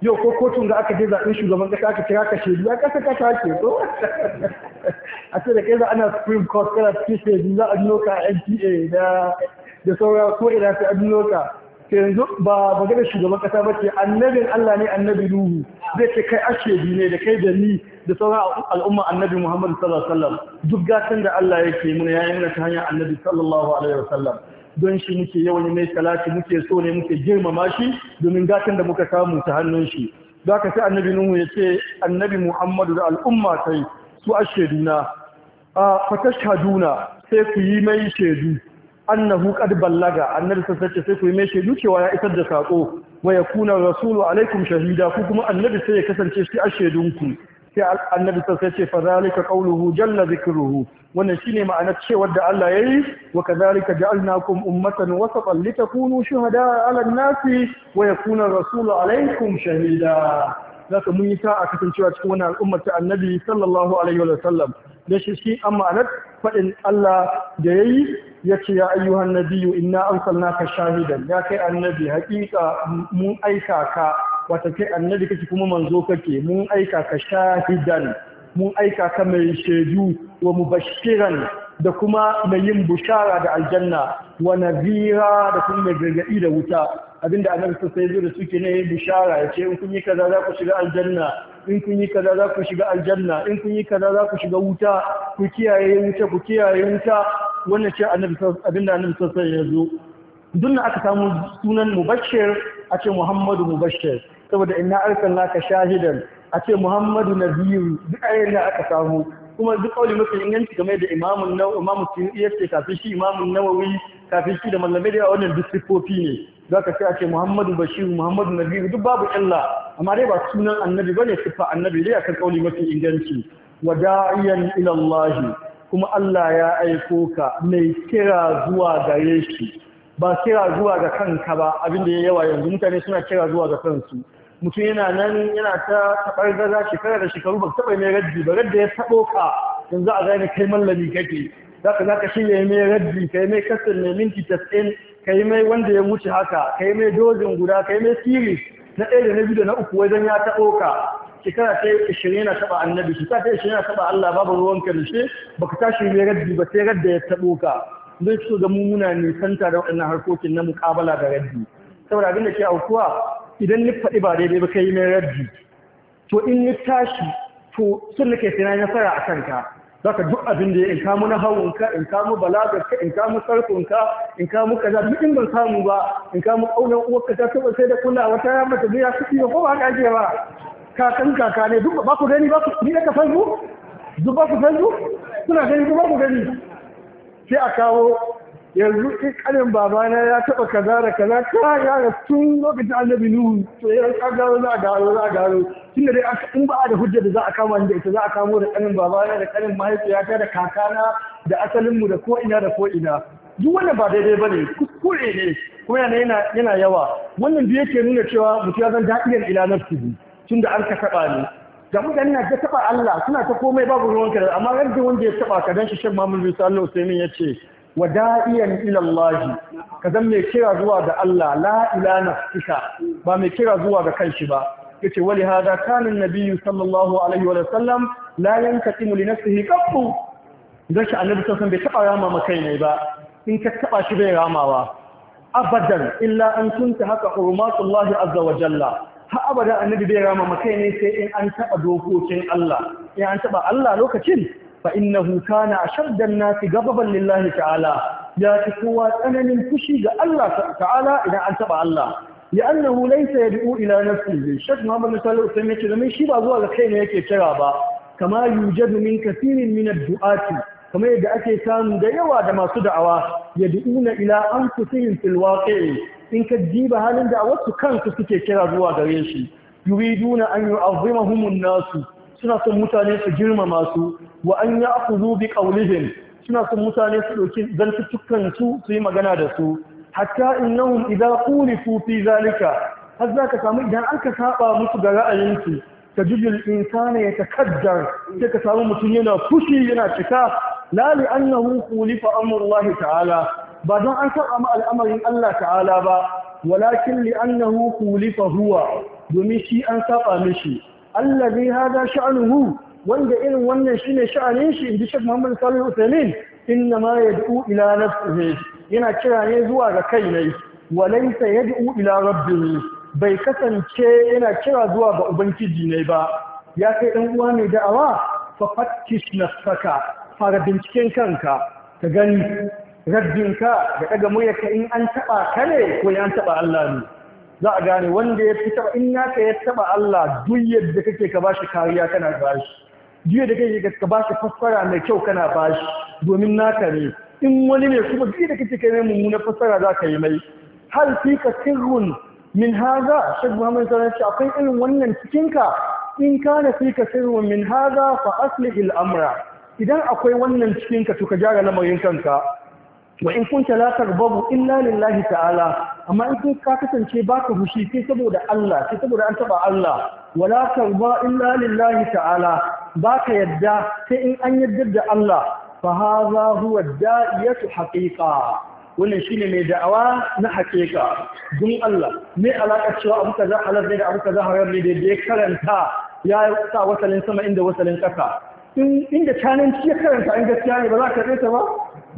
yau ko kotun da aka je zaɓen shugaban kasa aka kira ka shedu ya ka take to a ce da kai za ana supreme court kana cikin za a noka NTA da da sauran ko ina ta an yanzu ba magana shugaban kasa ba ce annabin Allah ne annabi Nuhu zai ce kai ashebi ne da kai da ni da sauran al'umma annabi Muhammad sallallahu alaihi wasallam duk gatan da Allah yake muna yayi muna ta hanyar annabi sallallahu alaihi wasallam don shi muke yawan mai salati muke so ne muke girmama shi domin gatan da muka samu ta hannun shi zaka sai annabi Nuhu ya ce annabi Muhammadu da al'umma sai su na a fatashhaduna sai ku yi mai shedu annahu qad ballaga annabi sallallahu alaihi sai ku yi cewa ya isar da sako wa yakuna rasulu alaikum shahida ku kuma annabi sai ya kasance shi a shaidunku sai annabi sallallahu alaihi ce fa zalika qawluhu jalla dhikruhu wannan shine ma'anar cewar da Allah yayi wa kadhalika ja'alnakum ummatan wasatan litakunu shuhada 'ala an-nasi wa yakuna rasulu alaikum shahida zaka mun yi ta a kasancewa cikin wannan al'ummar ta annabi sallallahu alaihi wa sallam da shi shi amma ma'anar faɗin Allah da yayi Ya yace ya ayyuhan nabiyyu inna naka shahidan ya kai annabi hakika mun aika ka wata kai annabi kake kuma manzo kake mun aika ka shahidan mun aika ka mai shaidu wa mubashiran da kuma mai yin bushara da aljanna wa nazira da kuma mai gargaɗi da wuta abinda annabi sassa sai zuwa suke ne bushara ya ce in kun yi kaza za ku shiga aljanna in kun yi kaza za ku shiga aljanna in kun yi kaza za ku shiga wuta ku kiyaye wuta ku kiyaye wuta wannan ce abinda annabi sassan ya zo dunna aka samu sunan mubashir a ce muhammadu mubashir saboda ina arkan laka shahidan a ce muhammadu nabiyu duk ayyar da aka samu kuma duk kawai mafi inganci game da imamun imamu iya ce kafin shi imamun nawawi kafin shi da mallamai da wannan duk ne za ka sai a ce muhammadu bashiru muhammadu nabiyu duk babu illa amma dai ba sunan annabi bane siffa annabi dai akan kawai mafi inganci wa da'iyan ila kuma Allah ya aiko ka mai kira zuwa gare shi ba kira zuwa ga kanka ba abinda ya yawa yanzu mutane suna kira zuwa ga kansu mutum yana nan yana ta tabar gaza shekara da shekaru ba taba mai raddi ba radda ya taɓo ka yanzu a gani kai mallami kake zaka zaka shirya mai raddi kai mai kasar mai minti 90 kai mai wanda ya wuce haka kai mai dozin guda kai mai siri na ɗaya da na biyu da na uku wajen ya taɓo ka shekara ta ishirin yana taɓa annabi shekara ta ishirin yana taɓa Allah babu ruwan karshe baka tashi mai raddi ba sai radda ya taɓo ka zai so ga ni santa da waɗannan harkokin na muƙabala da raddi saboda abin da ke aukuwa idan ni faɗi ba daidai ba kai mai raddi to in ni tashi to sun nake sai na nasara a kanka zaka duk abin da ya in kamu na ka, in kamu balagarka in kamu sarkunka in kamu kaza duk in ban samu ba in kamu ƙaunar uwarka ta taɓa sai da kula ta yamma ta biya kuɗi ba ko ba ka ba kakan kaka ne duk ba ku gani ba ku ni da san su duk ba ku san su suna gani duk ba ku gani sai a kawo yanzu in baba babana ya taba kaza da kaza ka ya tun lokacin annabi nuhu to ya ka gano za a gano za a gano tunda dai in ba a da hujja da za a kama inda ita za a kamo da baba babana da kanin mahaifiyata da kakana da asalin mu da ko ina da ko ina duk wannan ba daidai ba ne kuskure ne kuma yana yana yawa wannan biye yake nuna cewa mutum ya zan daɗiyar ila nafsihi tun da an ka taɓa ne ga mutane na ta taɓa Allah suna ta komai babu ruwan ka amma rabbi wanda ya taɓa ka dan shi Sheikh Muhammad bin Allah Usaimin ce, wa da'iyan ila Allah ka zan mai kira zuwa ga Allah la ila nafsika ba mai kira zuwa ga kanshi ba yace wali hada kana nabiyyu nabiy sallallahu alaihi wa sallam la yantaqimu li nafsihi qattu dan shi annabi sallallahu bai taɓa rama ma kai ne ba in ka taɓa shi bai ramawa abadan illa an kunta haka hurmatullahi azza wa jalla har abada annabi bai rama makai ne sai in an taba dokokin Allah in an taba Allah lokacin fa innahu kana ashaddan nasi gababan lillahi ta'ala ya ci kowa tsananin fushi ga Allah ta'ala idan an taba Allah ya annahu laysa yad'u ila nafsihi shek Muhammad sallallahu alaihi wasallam shi ba zuwa ga kai ne yake kira ba kama yujadu min kathirin min ad-du'ati kamar yadda ake samu da yawa da masu da'awa yad'una ila anfusihim fil waqi'i in ka jiba halin da a wasu kansu suke kira zuwa gare shi na an yu'azzimahumun nasu suna son mutane su girmama su wa an ya'khudhu zubi qawlihim suna son mutane su dauki zantukan su su yi magana da su hatta innahum idza qulifu fi zalika har zaka samu idan aka saba musu ga ra'ayinsu تجد ka samu mutum yana fushi yana cika لأنه خولف أمر الله ta'ala. ba don an saba ma al'amarin Allah ta'ala ba walakin li'annahu kulifa huwa domin shi an saba mishi allazi hada sha'nuhu wanda irin wannan shine sha'anin shi inji Sheikh Muhammad Salih Uthaymeen inna ma yad'u ila nafsihi yana kira ne zuwa ga kai ne walaysa yad'u ila rabbihi bai kasance yana kira zuwa ga ubangiji ne ba ya kai dan uwa mai da'awa fa fattish nafsaka fara binciken kanka ka gani rabbinka da daga muryarka in an taba ka ne ko in an taba Allah ne za a gane wanda ya fi in naka ya taba Allah duk yadda kake ka bashi kariya kana bashi duk yadda kake ka bashi fassara mai kyau kana bashi domin naka ne in wani ne kuma duk yadda kake kai mai mummunar fassara za ka yi mai hal fi ka sirrun min haza shi muhammad sallallahu alaihi akwai irin wannan cikinka in kana fi ka sirrun min haza fa aslihil il'amra. amra idan akwai wannan cikinka to ka gyara lamarin kanka wa in kunta la tarbabu illa lillahi ta'ala amma in kun ka kasance baka fushi sai saboda Allah sai saboda an taba Allah wala tarba illa lillahi ta'ala baka yadda sai in an yadda da Allah fa hadha huwa da'iyatu haqiqa wannan shine mai da'awa na haqiqa dun Allah mai alaka cewa abu kaza halal ne da abu kaza haram ne da ya karanta ya sa wasalin sama inda wasalin kasa inda caninci ya karanta in gaskiya ne ba za ka ta ba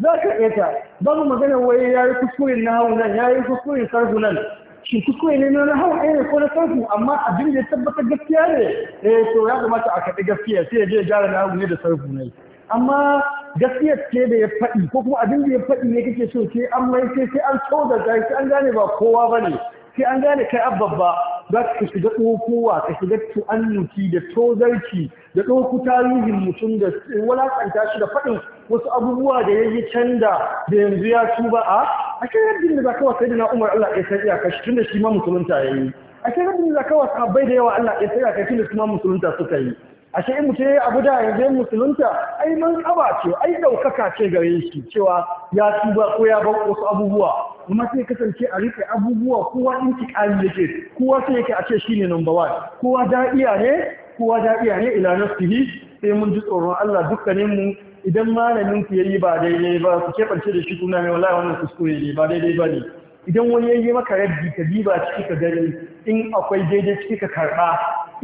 za ka iya ta babu magana wai ya yi kuskure na hau nan ya yi kuskure sarfu nan shi kuskure ne na hau ne ko na sarfu amma abin da ya tabbatar gaskiya ne eh to ya kamata a kaɗi gaskiya sai ya je gyara na hau ne da sarfu ne amma gaskiya ce da ya faɗi ko kuma abin da ya faɗi ne kake so sai an mai sai sai an tsoda sai an gane ba kowa ba ne sai an gane kai abbabba za ka shiga ɗaukowa ka shiga tu'annuki da tozarki da ɗauku tarihin mutum da walaƙanta shi da faɗin wasu abubuwa da ya yi canda da yanzu ya tuba a a kai yadda da za ka wasa na umar allah ya san iyaka shi tunda shi ma musulunta ya yi a kai yadda da za ka wasa habbai da yawa allah ya san iyaka da shi ma musulunta suka yi A in mutum ya abu da yanzu musulunta ai mun tsaba ce ai ɗaukaka ce gare shi cewa ya tuba ko ya bar wasu abubuwa Kuma sai kasance a rike abubuwa kowa in tikali yake kowa sai yake a ce shine number one kowa da iya ne kowa da iya ne ila nafsihi sai mun ji tsoron Allah dukkanin mu idan malamin ku yayi ba daidai ba ku kebance da shi kuna mai wallahi wannan kuskure ne ba daidai ba ne idan wani yayi maka raddi ka diba ciki ka gani in akwai daidai ciki ka karba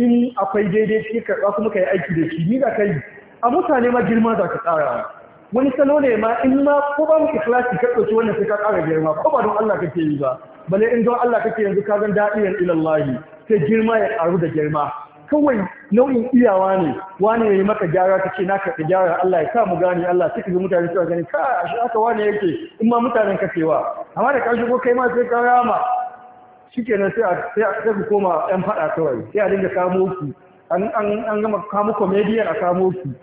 in akwai daidai cikin karɓa kuma ka yi aiki da shi ni za ka yi a mutane ma girma za ka tsara wani salo ne ma in ma ko ba mu klasi ka ɗauki wannan sai ka ƙara girma ko ba don Allah kake yi ba bale in don Allah kake yanzu ka zan da'iyan ilallahi sai girma ya ƙaru da girma kawai nau'in iyawa ne wane ya yi maka gyara ka ce na karɓi gyara Allah ya sa mu gane Allah suka mutane suka gani ka a shi aka wane yake in ma mutanen ka cewa amma da ƙarshe ko kai ma sai ka rama nan sai a sai ku koma ɗan faɗa kawai sai a dinga kamo su an gama kamo comedian a kamo su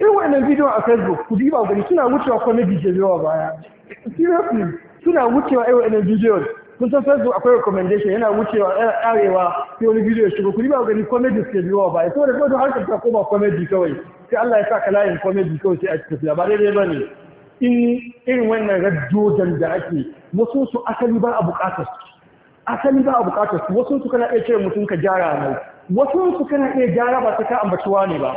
irin wannan bidiyon a facebook ku diba gani suna wucewa comedy ke zuwa baya seriously suna wucewa irin wannan bidiyon kun san facebook akwai recommendation yana wucewa yana arewa sai wani bidiyo ya shigo ku diba gani comedy ke zuwa baya saboda kawai don harkar ta koma comedy kawai sai Allah ya sa ka layin comedy kawai sai a tafiya ba daidai ba ne in irin wannan rajojan da ake wasu su asali ba a bukatar su asali ba a bukatar su wasu su kana iya cire mutum ka gyara mai wasu su kana iya gyara ba ta ka ambatuwa ne ba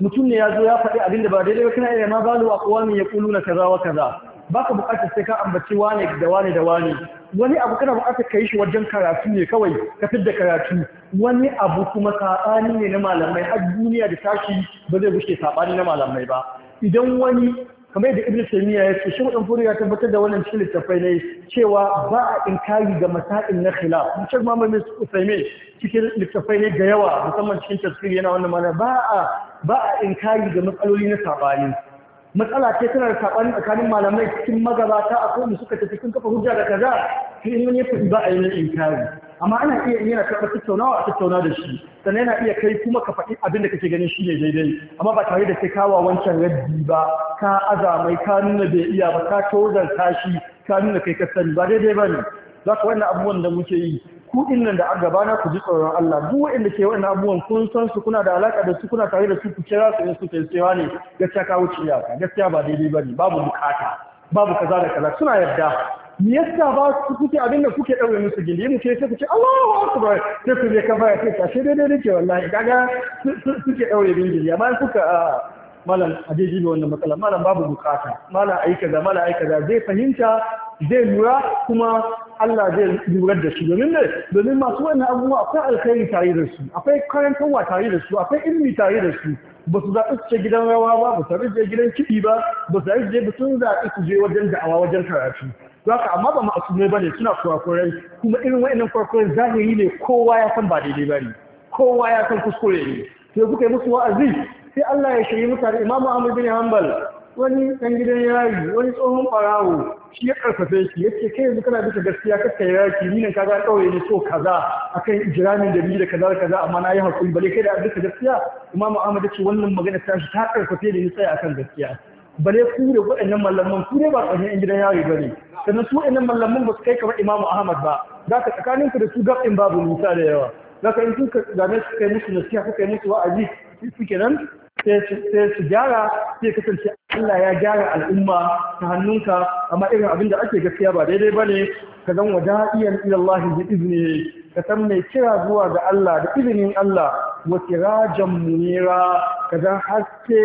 mutum ne ya zo ya faɗi abin da ba daidai ba kana iya ma ba a kowa ne ya kulu na kaza wa kaza ba ka bukatar sai ka ambaci wane da wane da wane wani abu kana bukatar ka yi shi wajen karatu ne kawai ka da karatu wani abu kuma saɓani ne na malamai har duniya da tashi ba zai gushe saɓani na malamai ba idan wani kamar da ibn taymiya ya ce shi furu ya tabbatar da wannan cikin littafai ne cewa ba a inkari ga masail na khilaf mutum ma mai taymi cikin littafai ne da yawa musamman cikin tafsiri yana wannan mana ba a ba a inkari ga matsaloli na sabani matsala ce tana da sabani tsakanin malamai cikin magabata akwai mu suka tafi cikin kafa hujja da kaza shi in wani ya fadi ba a yi inkari amma ana iya yana karɓa tattaunawa a tattauna da shi sannan yana iya kai kuma ka faɗi abin da kake ganin shi ne daidai amma ba tare da kai kawo wancan raddi ba ka azamai ka nuna bai iya ba ka tozar tashi ka nuna kai ka sani ba daidai ba ne za ka wannan abubuwan da muke yi ku nan da a gabana ku ji tsoron Allah duk wanda ke waɗannan abubuwan kun san su kuna da alaka da su kuna tare da su ku kira su in su kai cewa ne gaskiya ka wuce gaskiya ba daidai ba ne. babu bukata babu kaza da kaza suna yadda me yasa ba su kuke abin da kuke ɗaure musu gindi mu ce sai ku ce Allahu akbar sai ku ne kafa ya ce kashe daidai nake wallahi kaga suke ɗaure bin gindi amma kuka malam a daidai ne wannan matsala malam babu bukata malam ayi kaza malam ayi kaza zai fahimta zai lura kuma Allah zai lura da shi domin ne domin masu wannan abubuwa akwai alkhairi tare da su akwai karantarwa tare da su akwai ilimi tare da su ba su zaɓi su ce gidan rawa ba ba su zaɓi gidan kiɗi ba ba su zaɓi su je ba sun zaɓi su je wajen da'awa wajen karatu haka amma ba ma'asume ba ne suna kurakurai kuma irin wa'annan kurakurai zahiri ne kowa ya san ba daidai ba ne kowa ya san kuskure ne sai kuka yi musu wa'azi sai Allah ya shirya mutane Imam Ahmad bin Hanbal wani dan gidan yayi wani tsohon farawo shi ya karfafe shi yace kai yanzu kana bisa gaskiya ka kai yaki ni ne kaga kauye ne so kaza akan ijramin da biyu da kaza kaza amma na yi hakuri bale kai da bisa gaskiya Imam Ahmad ya ce wannan magana ta shi ta karfafe da ni tsaya akan gaskiya bale su da waɗannan mallaman su ne ba ƙarfin yan gidan yari bane sannan su waɗannan mallaman ba su kai kamar Imam Ahmad ba zaka tsakanin ku da su gabin babu nisa da yawa zaka in kuka game su kai musu nasiha kuka yi musu wa'azi su kenan sai su gyara sai kasance Allah ya gyara al'umma ta hannunka amma irin abin da ake gaskiya ba daidai ba ka zan wada iyan ilallahi bi izini ka san mai kira zuwa ga Allah da izinin Allah wa kirajan munira ka zan haske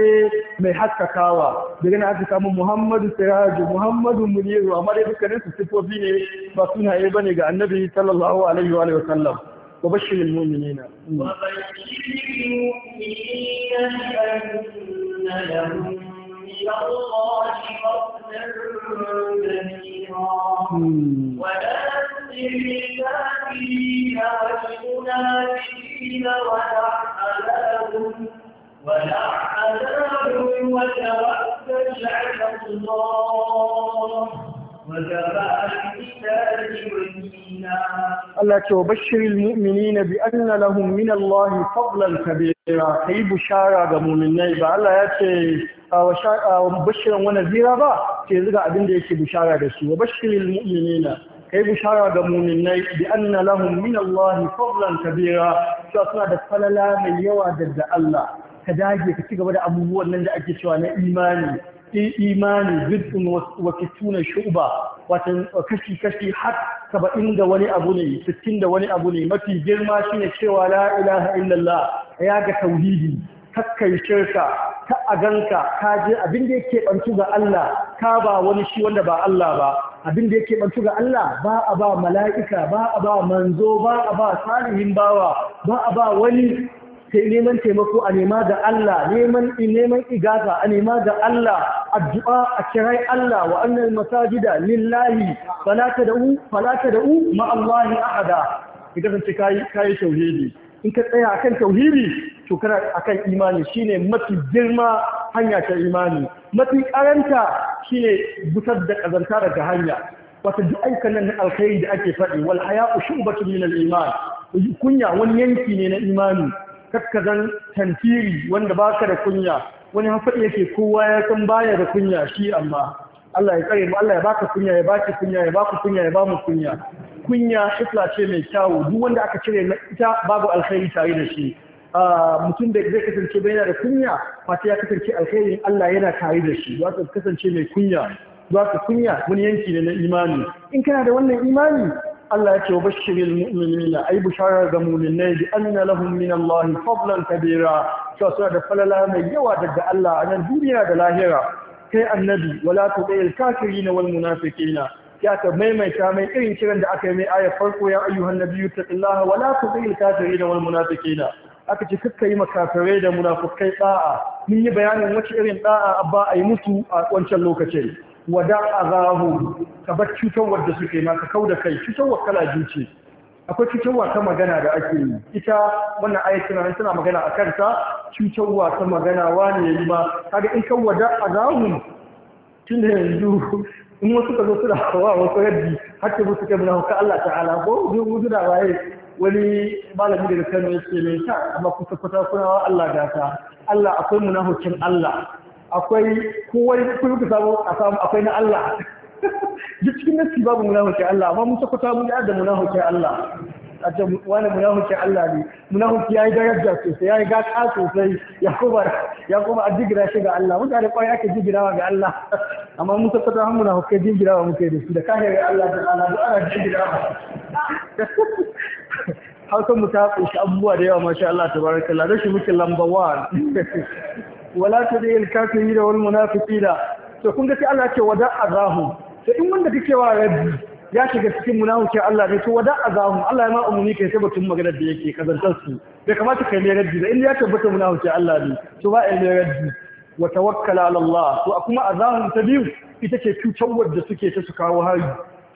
mai haskakawa daga na aka samu Muhammadu Siraju Muhammadu Muniru amma dai dukkanin su sifofi ne ba sunaye bane ga Annabi sallallahu alaihi wa sallam wa bashirin mu'minina wa bashiril mu'minina lahum من الله فضلا كبيرا ولا التي وبشر المؤمنين بأن لهم من الله فضلا كبيرا هي بشارة قمون النيبة على وبشر ونذيرا با كي بشارة وبشر المؤمنين kai bishara ga muminai bi anna lahum min Allah fadlan kabira cewa suna da falala mai yawa daga Allah ka dage ka ci gaba da abubuwan nan da ake cewa na imani e, imani bid'un wa kituna shu'ba watan kashi kashi har saba'in da wani abu ne sittin da wani abu ne mafi girma shine cewa la ilaha illallah ya ga tauhidi kakkai shirka ka a ganka ka je abin da yake bantu ga Allah ka ba wani shi wanda ba Allah ba abin da yake bantu ga Allah ba a ba mala'ika ba a ba manzo ba a ba salihin bawa ba a ba wani neman taimako a nema ga Allah neman neman igaza a nema ga Allah addu'a a kirai Allah wa masajida lillahi fala tad'u fala tad'u ma Ka ahada idan kai kai tauhidi in ka tsaya akan tauhidi to kana akan imani shine mafi girma hanya ta imani mafi karanta shine busar da kazanta daga hanya wata duk aikan nan alkhairi da ake faɗi wal haya'u shubatun min al iman kunya wani yanki ne na imani kakkazan tantiri wanda baka da kunya wani hafaɗi yake kowa ya san baya da kunya shi amma Allah ya tsare mu Allah ya baka kunya ya baki kunya ya baku kunya ya bamu kunya kunya isla ce mai kyawu duk wanda aka cire na ita babu alkhairi tare da shi ah, mutum da zai kasance bai yana da kunya fata ya kasance alkhairin Allah yana tare da shi za ka kasance mai kunya za ka kunya wani yanki ne na imani in kana da wannan imani Allah ya ce wa bashirin mu'minina ay bushara ga mu'minai bi anna lahum min Allah fadlan kabira to suna da falala mai yawa daga Allah a nan duniya da lahira kai annabi wala tu'il kafirin wal munafiqina sai aka maimaita mai irin kiran da aka yi mai ayar farko ya ayyuhan nabiyyu taqillaha wala tuqil kafirin wal munafiqina aka ce kuka yi makafirai da munafukai da'a mun yi bayanin wace irin da'a ba a yi musu a wancan lokacin wada azahu ka bar cutarwar da suke ma ka kauda da kai cutarwar kala biyu ce akwai cutarwa ta magana da ake yi ita wannan ayat tana tana magana a kanta cutarwa ta magana wani ne ba. kaga in kan wada azahu tun yanzu in wasu ka zo suna hawa wasu yadda hakki musu kai muna hukka Allah ta'ala ko duk da waye wani malami daga Kano yace mai ta amma kusa kusa kuna wa Allah gata Allah akwai munafikin Allah akwai kowai ku yi samu a samu akwai na Allah duk cikin nasi babu munafikin Allah amma mun sakuta mun da munafikin Allah a wani munafuki Allah ne ya yayi daraja sosai yayi gaka sosai ya kuma ya kuma a jigira shi ga Allah mutane kwai ake wa ga Allah amma mun tattara han jigira wa muke da su da kahiri Allah da Allah da ana har hausa mu ta kunshi abubuwa da yawa masha Allah tabarakallah da shi muke lamba 1 wala ta tadil da wal munafiqina to kun ga sai Allah ce wada arahum to in wanda kike wa rabbi ya shiga cikin munafikin Allah ne to wada azahum Allah ya ma umuni kai sai batun maganar da yake kazantar su bai kamata kai mai raddi ba, in ya tabbata munafikin Allah ne to ba ai mai raddi wa tawakkala ala Allah to kuma azamu ta biyu ita ce cutar wadda suke ta su kawo hari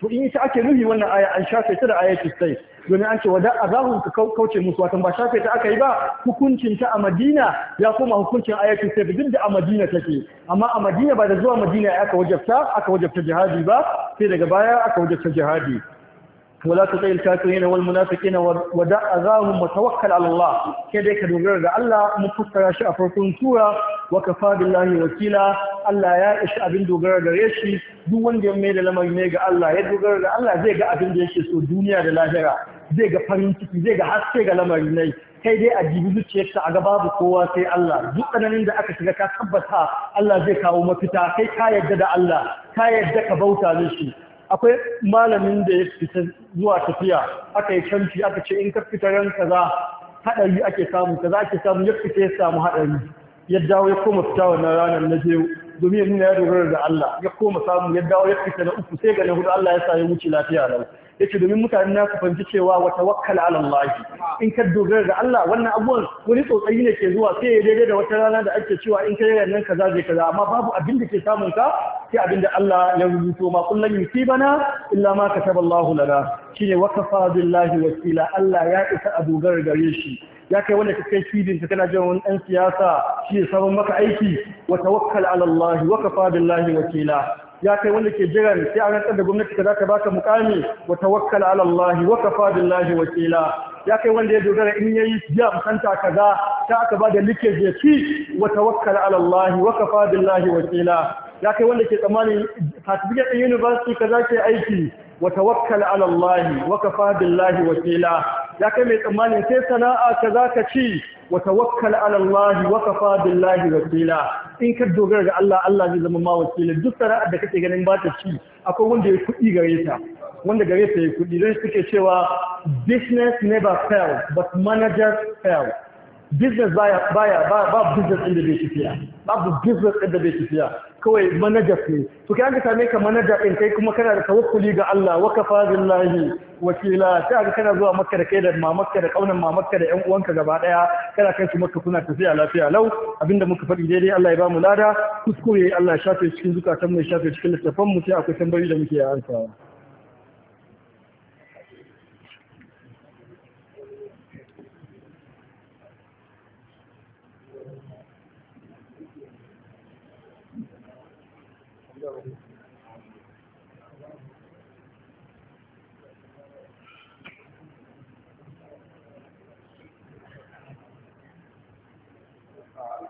to in ita ake nuhi wannan aya an shafe ta da ayatul sayf doni an ce wada azahun kauce musu watan ba aka yi ba hukuncin ta a Madina ya koma hukuncin ayatul sayf din da a Madina take amma a Madina ba da zuwa Madina aka wajabta aka wajabta jihadi ba sai daga baya aka wajabta jihadi wala ta tsayin kafirin wal munafiqin wada azahun ta ala Allah Kada ka dogara da Allah mu fuskara shi a farkon tura, wa kafa billahi wakila Allah ya ishi abin dogara gare shi duk wanda ya mai da lamari ne ga Allah ya dogara da Allah zai ga abin da yake so duniya da lahira zai ga farin ciki zai ga haske ga lamari nai kai dai a jibi ta a ga babu kowa sai Allah duk tsananin da aka shiga ka tabbata Allah zai kawo mafita kai ka yarda da Allah ka yarda ka bauta mishi akwai malamin da ya fita zuwa tafiya aka yi canci aka ce in ka fita ran kaza hadari ake samu kaza ake samu ya fita ya samu hadari ya dawo ya koma fita wannan ranar na je domin ya nuna ya dogara da Allah ya koma samu ya dawo ya fita na uku sai ga na hudu Allah ya sa ya wuce lafiya lau Yake domin mutane na su fahimci cewa wa wakala ala Allah in ka dogara ga Allah wannan abuwan wani tsotsayi ne ke zuwa sai ya daidai da wata rana da ake cewa in ka kai nan kaza zai kaza amma babu abin da ke samun ka sai abin da Allah ya rubuto ma kullun bana. illa ma kataba Allah lana shine wa kafa billahi wasila Allah ya isa a dogara gare shi ya kai wanda kai fidin ta kana jin wani dan siyasa shi ya sabon maka aiki wa tawakkal ala Allah wa kafa billahi wakila ya kai wanda ke jiran sai an rantsar da gwamnati ka zaka baka mukami wa tawakkal ala Allah wa kafa billahi wakila ya kai wanda ya dogara in yayi jiya musanta kaza ta aka ba da leakage ya ci wa tawakkal ala Allah wa kafa billahi wakila ya kai wanda ke tsammanin certificate din university kaza ke aiki wa tawakkal ala Allah wa kafa billahi wakila ya kai mai tsammanin sai sana'a ka zaka ci wa tawakkal ala Allah wa kafa billahi wakila in ka dogara ga Allah Allah zai zama ma wakila duk sana'ar da kake ganin ba ta ci akwai wanda ya kuɗi gare ta wanda gare ta ya kuɗi don suke cewa business never fails but managers fail business baya baya ba business ɗin da bai tafiya babu business ɗin da bai tafiya kawai manager ne to kai an ka same ka manager ɗin kai kuma kana da tawakkuli ga Allah wa kafa billahi wakila sai ka kana zuwa makka da kai da mamakka da kaunan mamakka da ƴan uwanka gaba daya kana kai su makka kuna tafiya lafiya lau abinda muka faɗi daidai Allah ya ba mu lada kuskure Allah ya shafe cikin zukatan mu ya shafe cikin littafan mu sai akwai tambayoyi da muke ansawa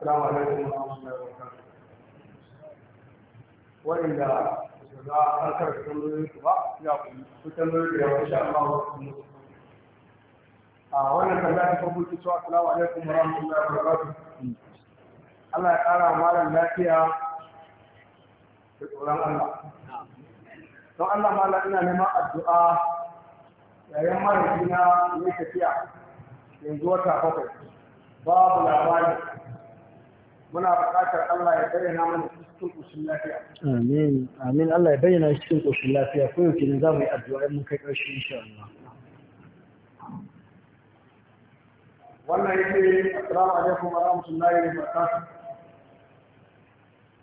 السلام عليكم ورحمة الله وبركاته وإلا za a karkar tambayoyin su ba ya ku tambayoyi da yawa sha Allah wa kuma a wannan ta farko ce cewa assalamu alaikum wa rahmatullahi wa barakatuh Allah ya malam lafiya da tsoron Allah don Allah ina neman addu'a yayin mara jina ne tafiya yanzu wata bakwai babu labari muna buƙatar Allah ya bayyana mana cikin ƙoshin lafiya. Amin, amin Allah ya bayyana cikin ƙoshin lafiya ko yau kenan za mu yi addu'a mun kai ƙarshe insha Allah. Wannan yake assalamu alaikum wa rahmatullahi wa barakatuh.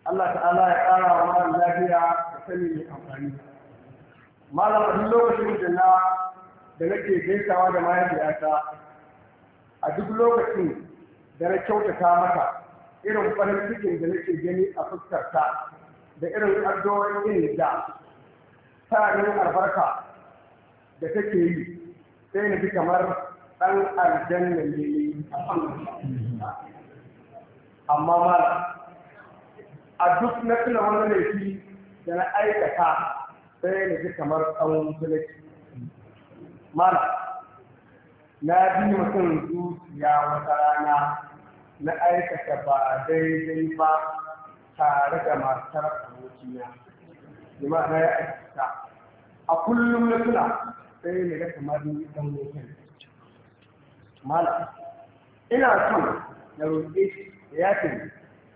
Allah ta'ala ya ƙara wa mara lafiya da sani mai amfani. Malam a duk lokacin da na da nake gaisawa da mahaifiyata a duk lokacin da na kyautata maka. irin farin cikin da nake gani a fuskarta da irin addu'o'in da ganin albarka da take yi sai na fi kamar ɗan aljanna ne amma ma a duk na tuna wani laifi da na aikata sai na fi kamar tsawon sulaki mala na ji mutum zuciya wata rana na aikata ba daidai ba tare da matar abokina jama'a na ya aikata a kullum na kula, sai na ga kamar ni dan wutan mala ina son na roƙe shi da ya ce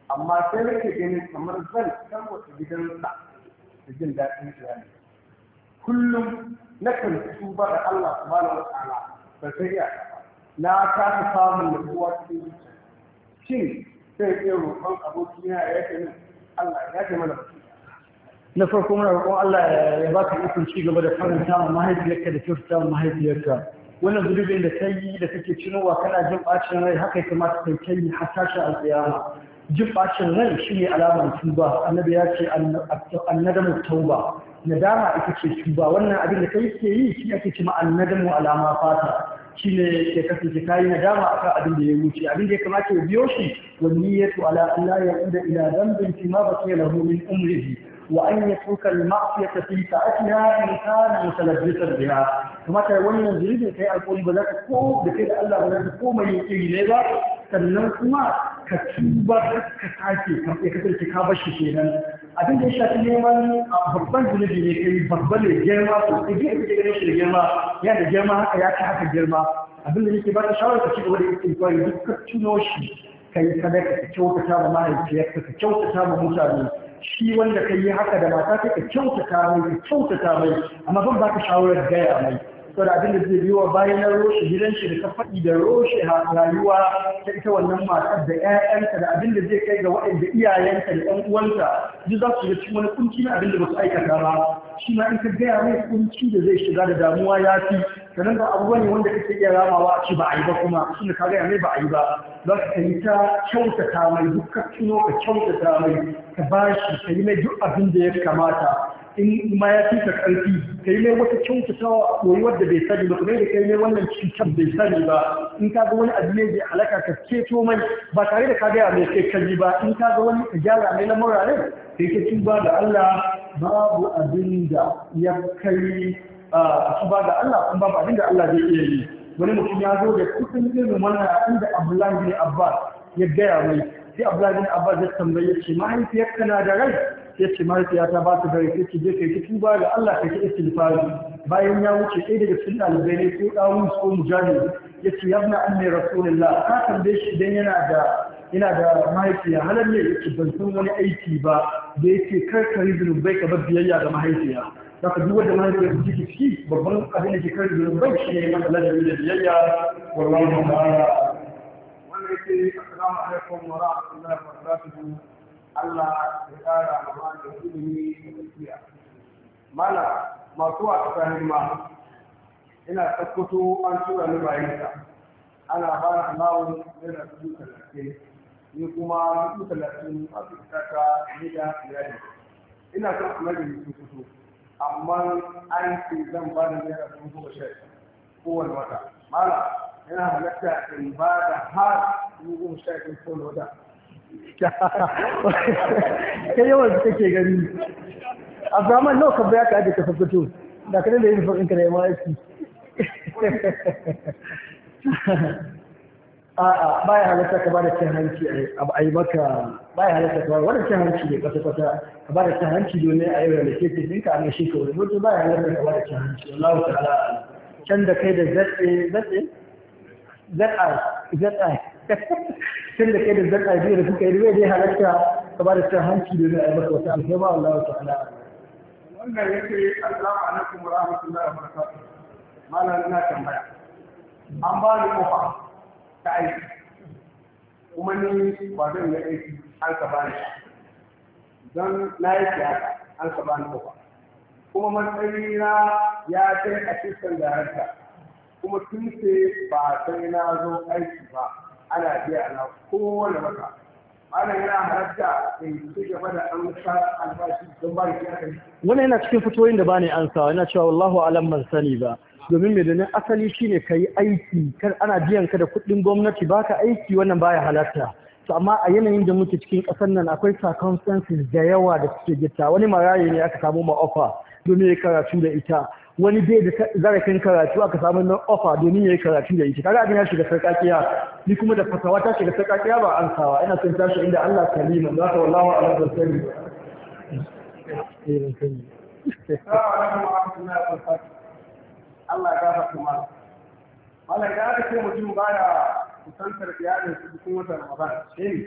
amma sai nake ganin kamar zan san wata gidansa da jin daɗin iyali kullum na kan tuba da Allah subhanahu wa ta'ala ba sai ya na kasa samun nutsuwa cikin shin sai ke roƙon abokina ya yake nan Allah ya ke mana na farko muna roƙon Allah ya baka ikon ci gaba da faranta wa mahaifiyarka da kyautata wa mahaifiyarka wannan zunubin da ta yi da kake cinowa kana jin bacin rai haka ya kamata kai ta yi hasashen alƙiyama jin bacin rai shi ne alamar tuba annabi ya ce annadamu tauba nadama ita ce tuba wannan abin da kai ke yi shi ake cima annadamu alama fata shi ne ya kasance kayi dama aka abin da ya wuce abin da ya kamata ya biyo shi wani ya ala Allah ya inda ila zambin fi ma bakiya lahu min umrihi wa an yatruka al-ma'siyata fi ta'atiha in kana mutalabbisan biha kamata ya wannan zuriyar kai alƙawari ba za ka ko da kai da Allah ba za ka komai yin iri ne ba sannan kuma ka tuba ka sake ka kasance ka bar shi kenan abin da ya shafi neman babban zunubi ne kai babban ne girma to duk abin da ya shi da girma yana da girma haka ya ci haka girma abin da nake ba ta shawarar ka ci gaba da istighfari duk ka tuno shi kai sadaka ka kyautata ma mahaifiyarka ka kyautata ma mutane shi wanda ka yi haka da mata ka kyautata mai ka kyautata mai amma ban baka shawarar gaya mai saboda abin da zai biyo bayan na roshe gidan shi da ta faɗi da roshe rayuwa ta ita wannan matar da ƴaƴanta da abin da zai kai ga waɗanda iyayenta da ƴan uwanta ji za su ci cikin wani kunci na abin da ba su aikata ba shi ma in ka gaya mai kunci da zai shiga da damuwa ya fi sannan ba abu ne wanda kake iya ramawa a ci ba a yi ba kuma shi ka gaya mai ba a yi ba za ka yi ta kyautata mai duk ka tuno ka kyautata mai ka bashi ka yi mai duk abin da ya kamata in ma ya fi ka ƙarfi ka yi mai wata kyautatawa a koyi wadda bai sani ba kuma da kai mai wannan cikin bai sani ba in ka ga wani abu ne bai alaka ka ceto mai ba tare da ka gaya mai kai kalli ba in ka ga wani ka gyara mai lamura ne yi ka ba da Allah babu abin da ya kai ba da Allah kuma babu abin da Allah zai iya yi wani mutum ya zo da kusan irin wannan inda Abdullahi bin Abbas ya gaya mai sai Abdullahi bin Abbas ya tambaye shi mahaifiyarka na da rai sai ya mahaifiyata ba ta bari sai ki je kai ki tuba ga Allah kai ki istighfari bayan ya wuce ɗaya daga cikin ɗalibai ne ko ɗawun ko mujahid ya ce yabna anni rasulullah ka tambaye shi idan yana da ina da ya halal ne ki ban san wani aiki ba da yake kar ka rizu bai ka bar biyayya ga mahaifiya da ka duwa da mahaifi ya ciki ciki babban abin da ke kar bai shi ne masa ladabi da biyayya wallahi ma'ana wannan yake assalamu alaikum wa rahmatullahi wa barakatuh Allah ya ƙara ma malam ilimi da gaskiya mala masu wasa ta himma ina tsakkwato an tura ni bayansa ana ba na alawun naira dubu talatin ni kuma dubu talatin a bukata ni da iyali ina son kuma da mutum fito amma an ce zan ba da naira dubu goma sha kowane wata Mana yana halatta in ba da har dubu goma sha kowane wata kai yawan su kake gani a zaman nawa ka baya ka aje ka sabbato da kanin da yin farin ka da yamma yaki a'a baya halatta ka bada cin hanci eh, a yi maka baya halatta ka bada wannan cin hanci ne kwata kwata ka bada cin hanci domin a yau da ke ce ɗinka a shi ka wani mutum baya halatta ka bada cin hanci wallahu ta'ala can da kai da zatse zatse zat'a zat'a tun da kai da zaka biyu da suka yi zai dai halatta ka ba da cin hanci domin a yi maka wata alheri ba Allah ta'ala wannan yake assalamu alaikum wa rahmatullahi wa barakatuh malam na tambaya an ba ni kofa ta aiki kuma ni ba zan yi aiki an ka bani don na yi siyasa an ka bani kofa kuma matsayina ya kai a cikin da kuma tun ce ba sai na zo aiki ba ana biya na kowane wata ana yana halatta in su ke da an sa albashi don ba da wannan yana cikin fitoyin da bani an sa yana cewa wallahu alam ban sani ba domin mai donin asali shine kai aiki kar ana biyan ka da kuɗin gwamnati baka aiki wannan baya halatta to amma a yanayin da muke cikin ƙasar nan akwai circumstances da yawa da suke gita wani maraye ne aka samu ma domin ya karatu da ita wani bai da zarafin karatu aka samu nan ofa domin ya yi karatu da ita kaga abin ya shiga sarkakiya ni kuma da fasawa ta shiga sarkakiya ba an sawa ina son tashi inda Allah kalima za ka wallahi Allah da sani Allah ya gafarta mana Allah ya aka ce mutum baya kusantar iyalin su cikin watan Ramadan shi ne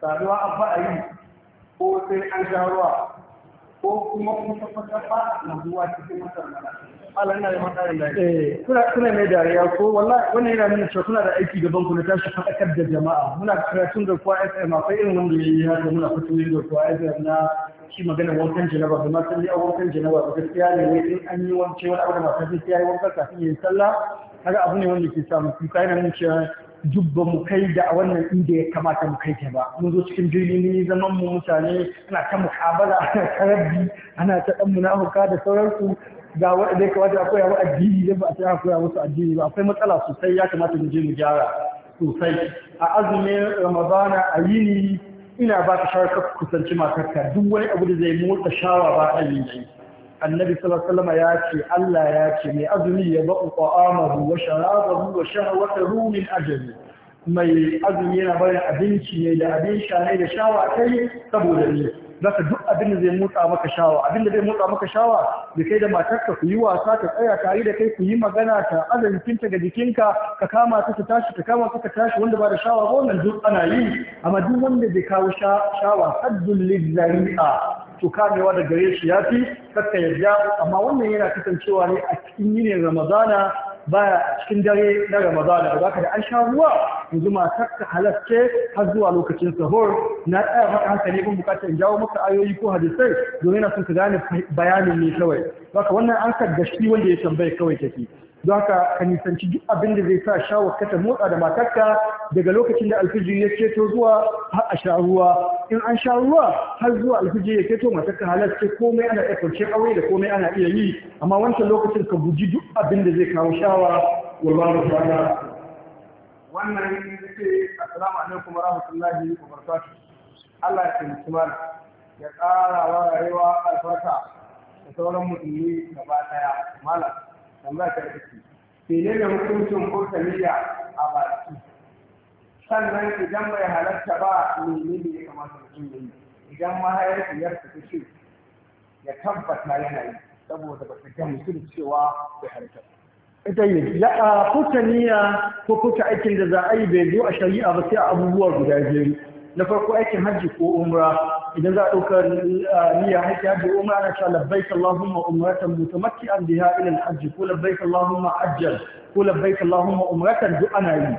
saduwa abba ayi ko sai an sha ko kuma kun kafa na zuwa cikin masallaci Allah yana da matsalar da eh, kuna kuna mai dariya ko wallahi wannan yana nuna cewa kuna da aiki gaban ku na tashi fadakar da jama'a muna karatun da kuwa FM akwai irin wanda yayi haka muna fitoyin da kuwa FM na shi magana wankan janaba da matan yi a wankan janaba da gaskiya ne wai in an yi wance da abu da matan sai ya yi wankan kafin ya yi sallah kaga abu ne wanda ke samu kuka yana nuna cewa ba mu kai da wannan inda ya kamata mu kai ta ba mun zo cikin birni ne zaman mu mutane ana ta mukabala ana ta rabbi ana ta dan munafuka da sauransu ga wanda ya kamata a koya wa addini da ba a tsaya koya musu addini ba akwai matsala sosai ya kamata mu je mu gyara sosai a azumin ramadana a yini ina ba ka shawarar kusanci matarka duk wani abu da zai motsa shawa ba a yi annabi salasalama ya ce Allah ya ce mai azumi ya ba'u ta'amahu wa sharabahu wa shahwatahu rumin ajali mai azumi yana barin abinci ne da abin shanai da shawa kai saboda ni zaka duk abin da zai motsa maka shawa abin da zai motsa maka shawa da kai da matarka ku yi wasa ta tsaya tare da kai ku yi magana ta ta ga jikinka ka kama ta ta tashi ta kama ka tashi wanda ba da shawa ba wannan duk ana yi amma duk wanda bai kawo shawa haddul lizzari'a to kamewa da gare shi ya fi kakka yarda amma wannan yana kasancewa ne a cikin yinin ramadana baya cikin dare na ramadana ba ka da an sha ruwa yanzu matar ka halarce har zuwa lokacin sahur na tsaya maka hankali ban bukatar in jawo maka ayoyi ko hadisai domin na son ka gane bayanin ne kawai baka wannan an kaddashi wanda ya tambaye kawai take don haka ka nisanci duk abin da zai sa shawarka ta motsa da matarka daga lokacin da alfiji ya ceto zuwa har a sha ruwa in an sha ruwa har zuwa alfiji ya ceto matarka ce komai ana iya kwanci aure da komai ana iya yi amma wancan lokacin ka guji duk abin da zai kawo shawara wallahu ta'ala wannan yake assalamu alaikum warahmatullahi wabarakatuh Allah ya taimaki mana ya tsara wa rayuwa alfarka da sauran ne gaba ɗaya malam tambaya ta ita mene ne hukuncin burtaniya a baki sannan idan bai halatta ba mene ne ya kamata mutum ya yi idan mahaifiyarsa ta ce ya tabbata yana yi saboda ba ta gamsu da cewa bai halatta ita yi ya a kuta niyya ko kuka aikin da za a yi bai zo a shari'a ba sai abubuwa guda biyu na farko aikin hajji ko umra idan za a ɗaukar niyya haƙi hajji umra na cewa labbaik Allahumma umratan mutamakki'an biha ila al-hajj ko labbaik Allahumma ajjal ko labbaik Allahumma umratan duk ana yi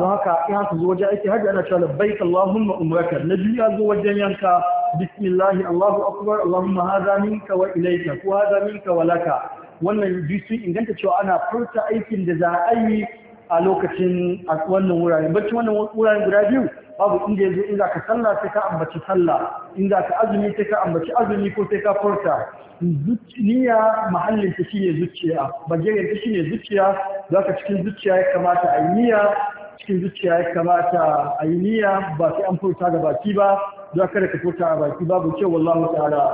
don haka in haka zo wajen aiki hajji ana cewa labbaik Allahumma umratan na biyu ya zo wajen yanka bismillahi Allahu akbar Allahumma hadha minka wa ilayka ko hadha minka wa laka wannan biyu sun inganta cewa ana furta aikin da za a yi a lokacin a wannan wuraren bacci wannan wuraren guda biyu babu inda yanzu in za ka sallah sai ka ambaci sallah in za ka azumi sai ka ambaci azumi ko sai ka furta niyya muhallin ta shine zuciya bagaren ta shine zuciya za ka cikin zuciya ya kamata a yi niyya cikin zuciya ya kamata a yi niyya ba sai an furta da baki ba za ka da ka furta a baki babu kyau wallahu ta'ala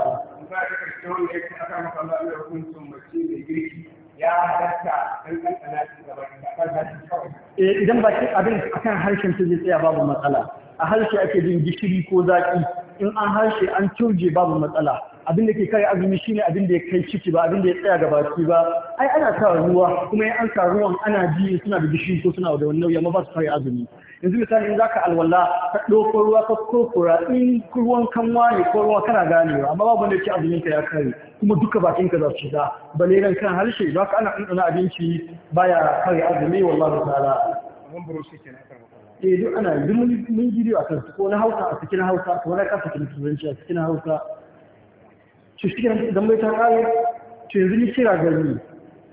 ba ka karshe wanda ya aka maka Allah ya hukuncin mace mai girki ya halatta dan kankana shi gaba eh idan baki abin kan harshen ta zai tsaya babu matsala a harshe ake jin gishiri ko zaki in an harshe an turje babu matsala abin da ke kai azumi shine abin da ya kai ciki ba abin da ya tsaya ga baki ba ai ana sa ruwa kuma in an sa ruwan ana ji suna da gishiri ko suna da wani nauyi amma ba su kai azumi yanzu misali in zaka alwala ka ɗauko ruwa ka kokora in ruwan kanwa ne ko ruwa kana ganewa amma babu wanda ya ce azumin ka ya kare kuma duka bakin ka za su shiga bale ran kan harshe za ka ana ɗanɗana abinci baya kare azumi wallahi ta'ala mun buru shi kenan eh duk ana duk mun gidiyo a kan ko na hausa a cikin hausa ko na kasa cikin turanci a cikin hausa shi shi idan bai ta kare to yanzu ni kira gari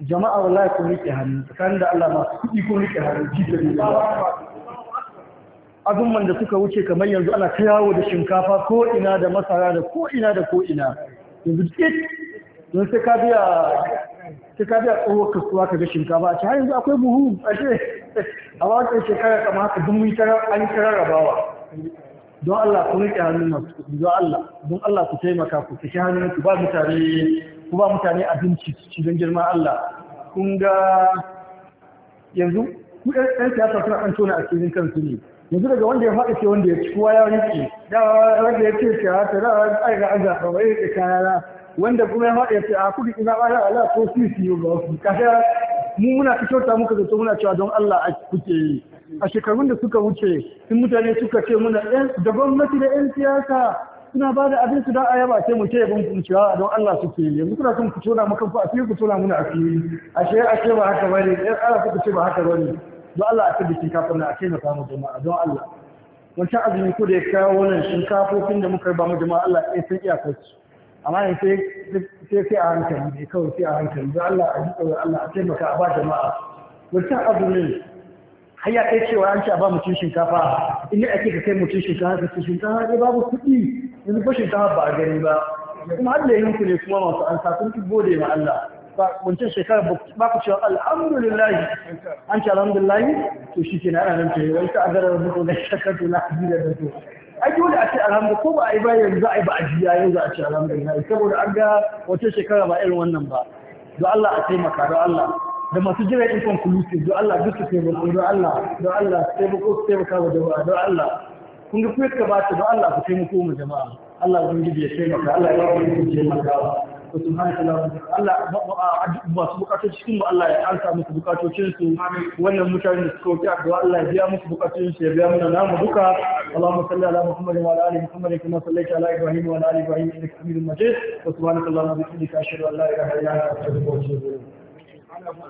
jama'a wallahi ko ni ke hannu tsakanin da Allah masu kuɗi ni ke hannu jikin abin da suka wuce kamar yanzu ana ta yawo da shinkafa ko ina da masara da ko ina da ko ina yanzu duk don sai ka biya sai ka biya tsohuwar kasuwa ka ga shinkafa a ce har yanzu akwai buhu a ce a wakil shekara kama haka dun mun tarar an rarrabawa don Allah ku rike hannun masu kuɗi don Allah don Allah ku taimaka ku kashe hannun ku ba mutane ku ba mutane abinci ci don girma Allah kun ga yanzu ku ɗan siyasa suna ɗan tona a cikin kansu ne yanzu daga wanda ya faɗi ce wanda ya ci kowa ya riƙe da wanda ya ce shi hata da ai ga aza ba wai kaya kayana wanda kuma ya faɗi ya ce a kudu ina ba ala ko su su yi ba su kasha mu muna kyauta muka zato muna cewa don Allah a kuke yi a shekarun da suka wuce sun mutane suka ce muna da gwamnati da 'yan siyasa suna ba da abin su da a yaba ce mu ce yabon kunciya don Allah suke yi yanzu kuna son ku tona maka ku fiye ku tona muna asiri ashe ashe ba haka ne, ɗan Allah suka ce ba haka ne. don Allah a tabbacin kafin na a na mu jama'a don Allah wancan azumi ko da ya kawo wannan shinkafofin da muka ba mu jama'a Allah ya san iya su amma ne sai sai a hankali ne kawai sai a hankali don Allah a jika wa Allah a taimaka a ba jama'a wancan azumin har ya kai cewa an ce a ba mutum shinkafa in ne ake ka kai mutum shinkafa ka ce shinkafa ne babu kuɗi yanzu ba shinkafa ba a gani ba kuma har da yanku ne kuma masu an sa sun fi gode ma Allah ba wancan shekara ba ku cewa alhamdulillahi an ce alhamdulillahi to shi ke na ana nan tare wani ta'adara da mutu na shakartu na hajjira da to a ji wani a ce alhamdu ko ba a yi ba yanzu a yi ba a jiya yanzu a ce alhamdulillahi saboda an ga wata shekara ba irin wannan ba don Allah a taimaka don Allah da masu jira in kan conclusive don Allah duk su taimako don Allah don Allah su taimako su taimaka wa jama'a don Allah kun ga kuwa ka ba ta don Allah ku taimako mu jama'a Allah ubangiji ya taimaka Allah ya ba ku taimakawa wa subhanaka Allah cikin mu Allah ya alka musu bukatocin su wannan mutane da suka roki addu'a Allah ya biya musu bukatun su ya biya mana namu duka Allahumma salli ala Muhammad wa ala ali Muhammad kama sallaita ala Ibrahim wa ala ali Ibrahim innaka Hamidum Majid wa subhanaka allahumma bihamdika ashhadu an la ilaha illa anta astaghfiruka wa atubu ilayk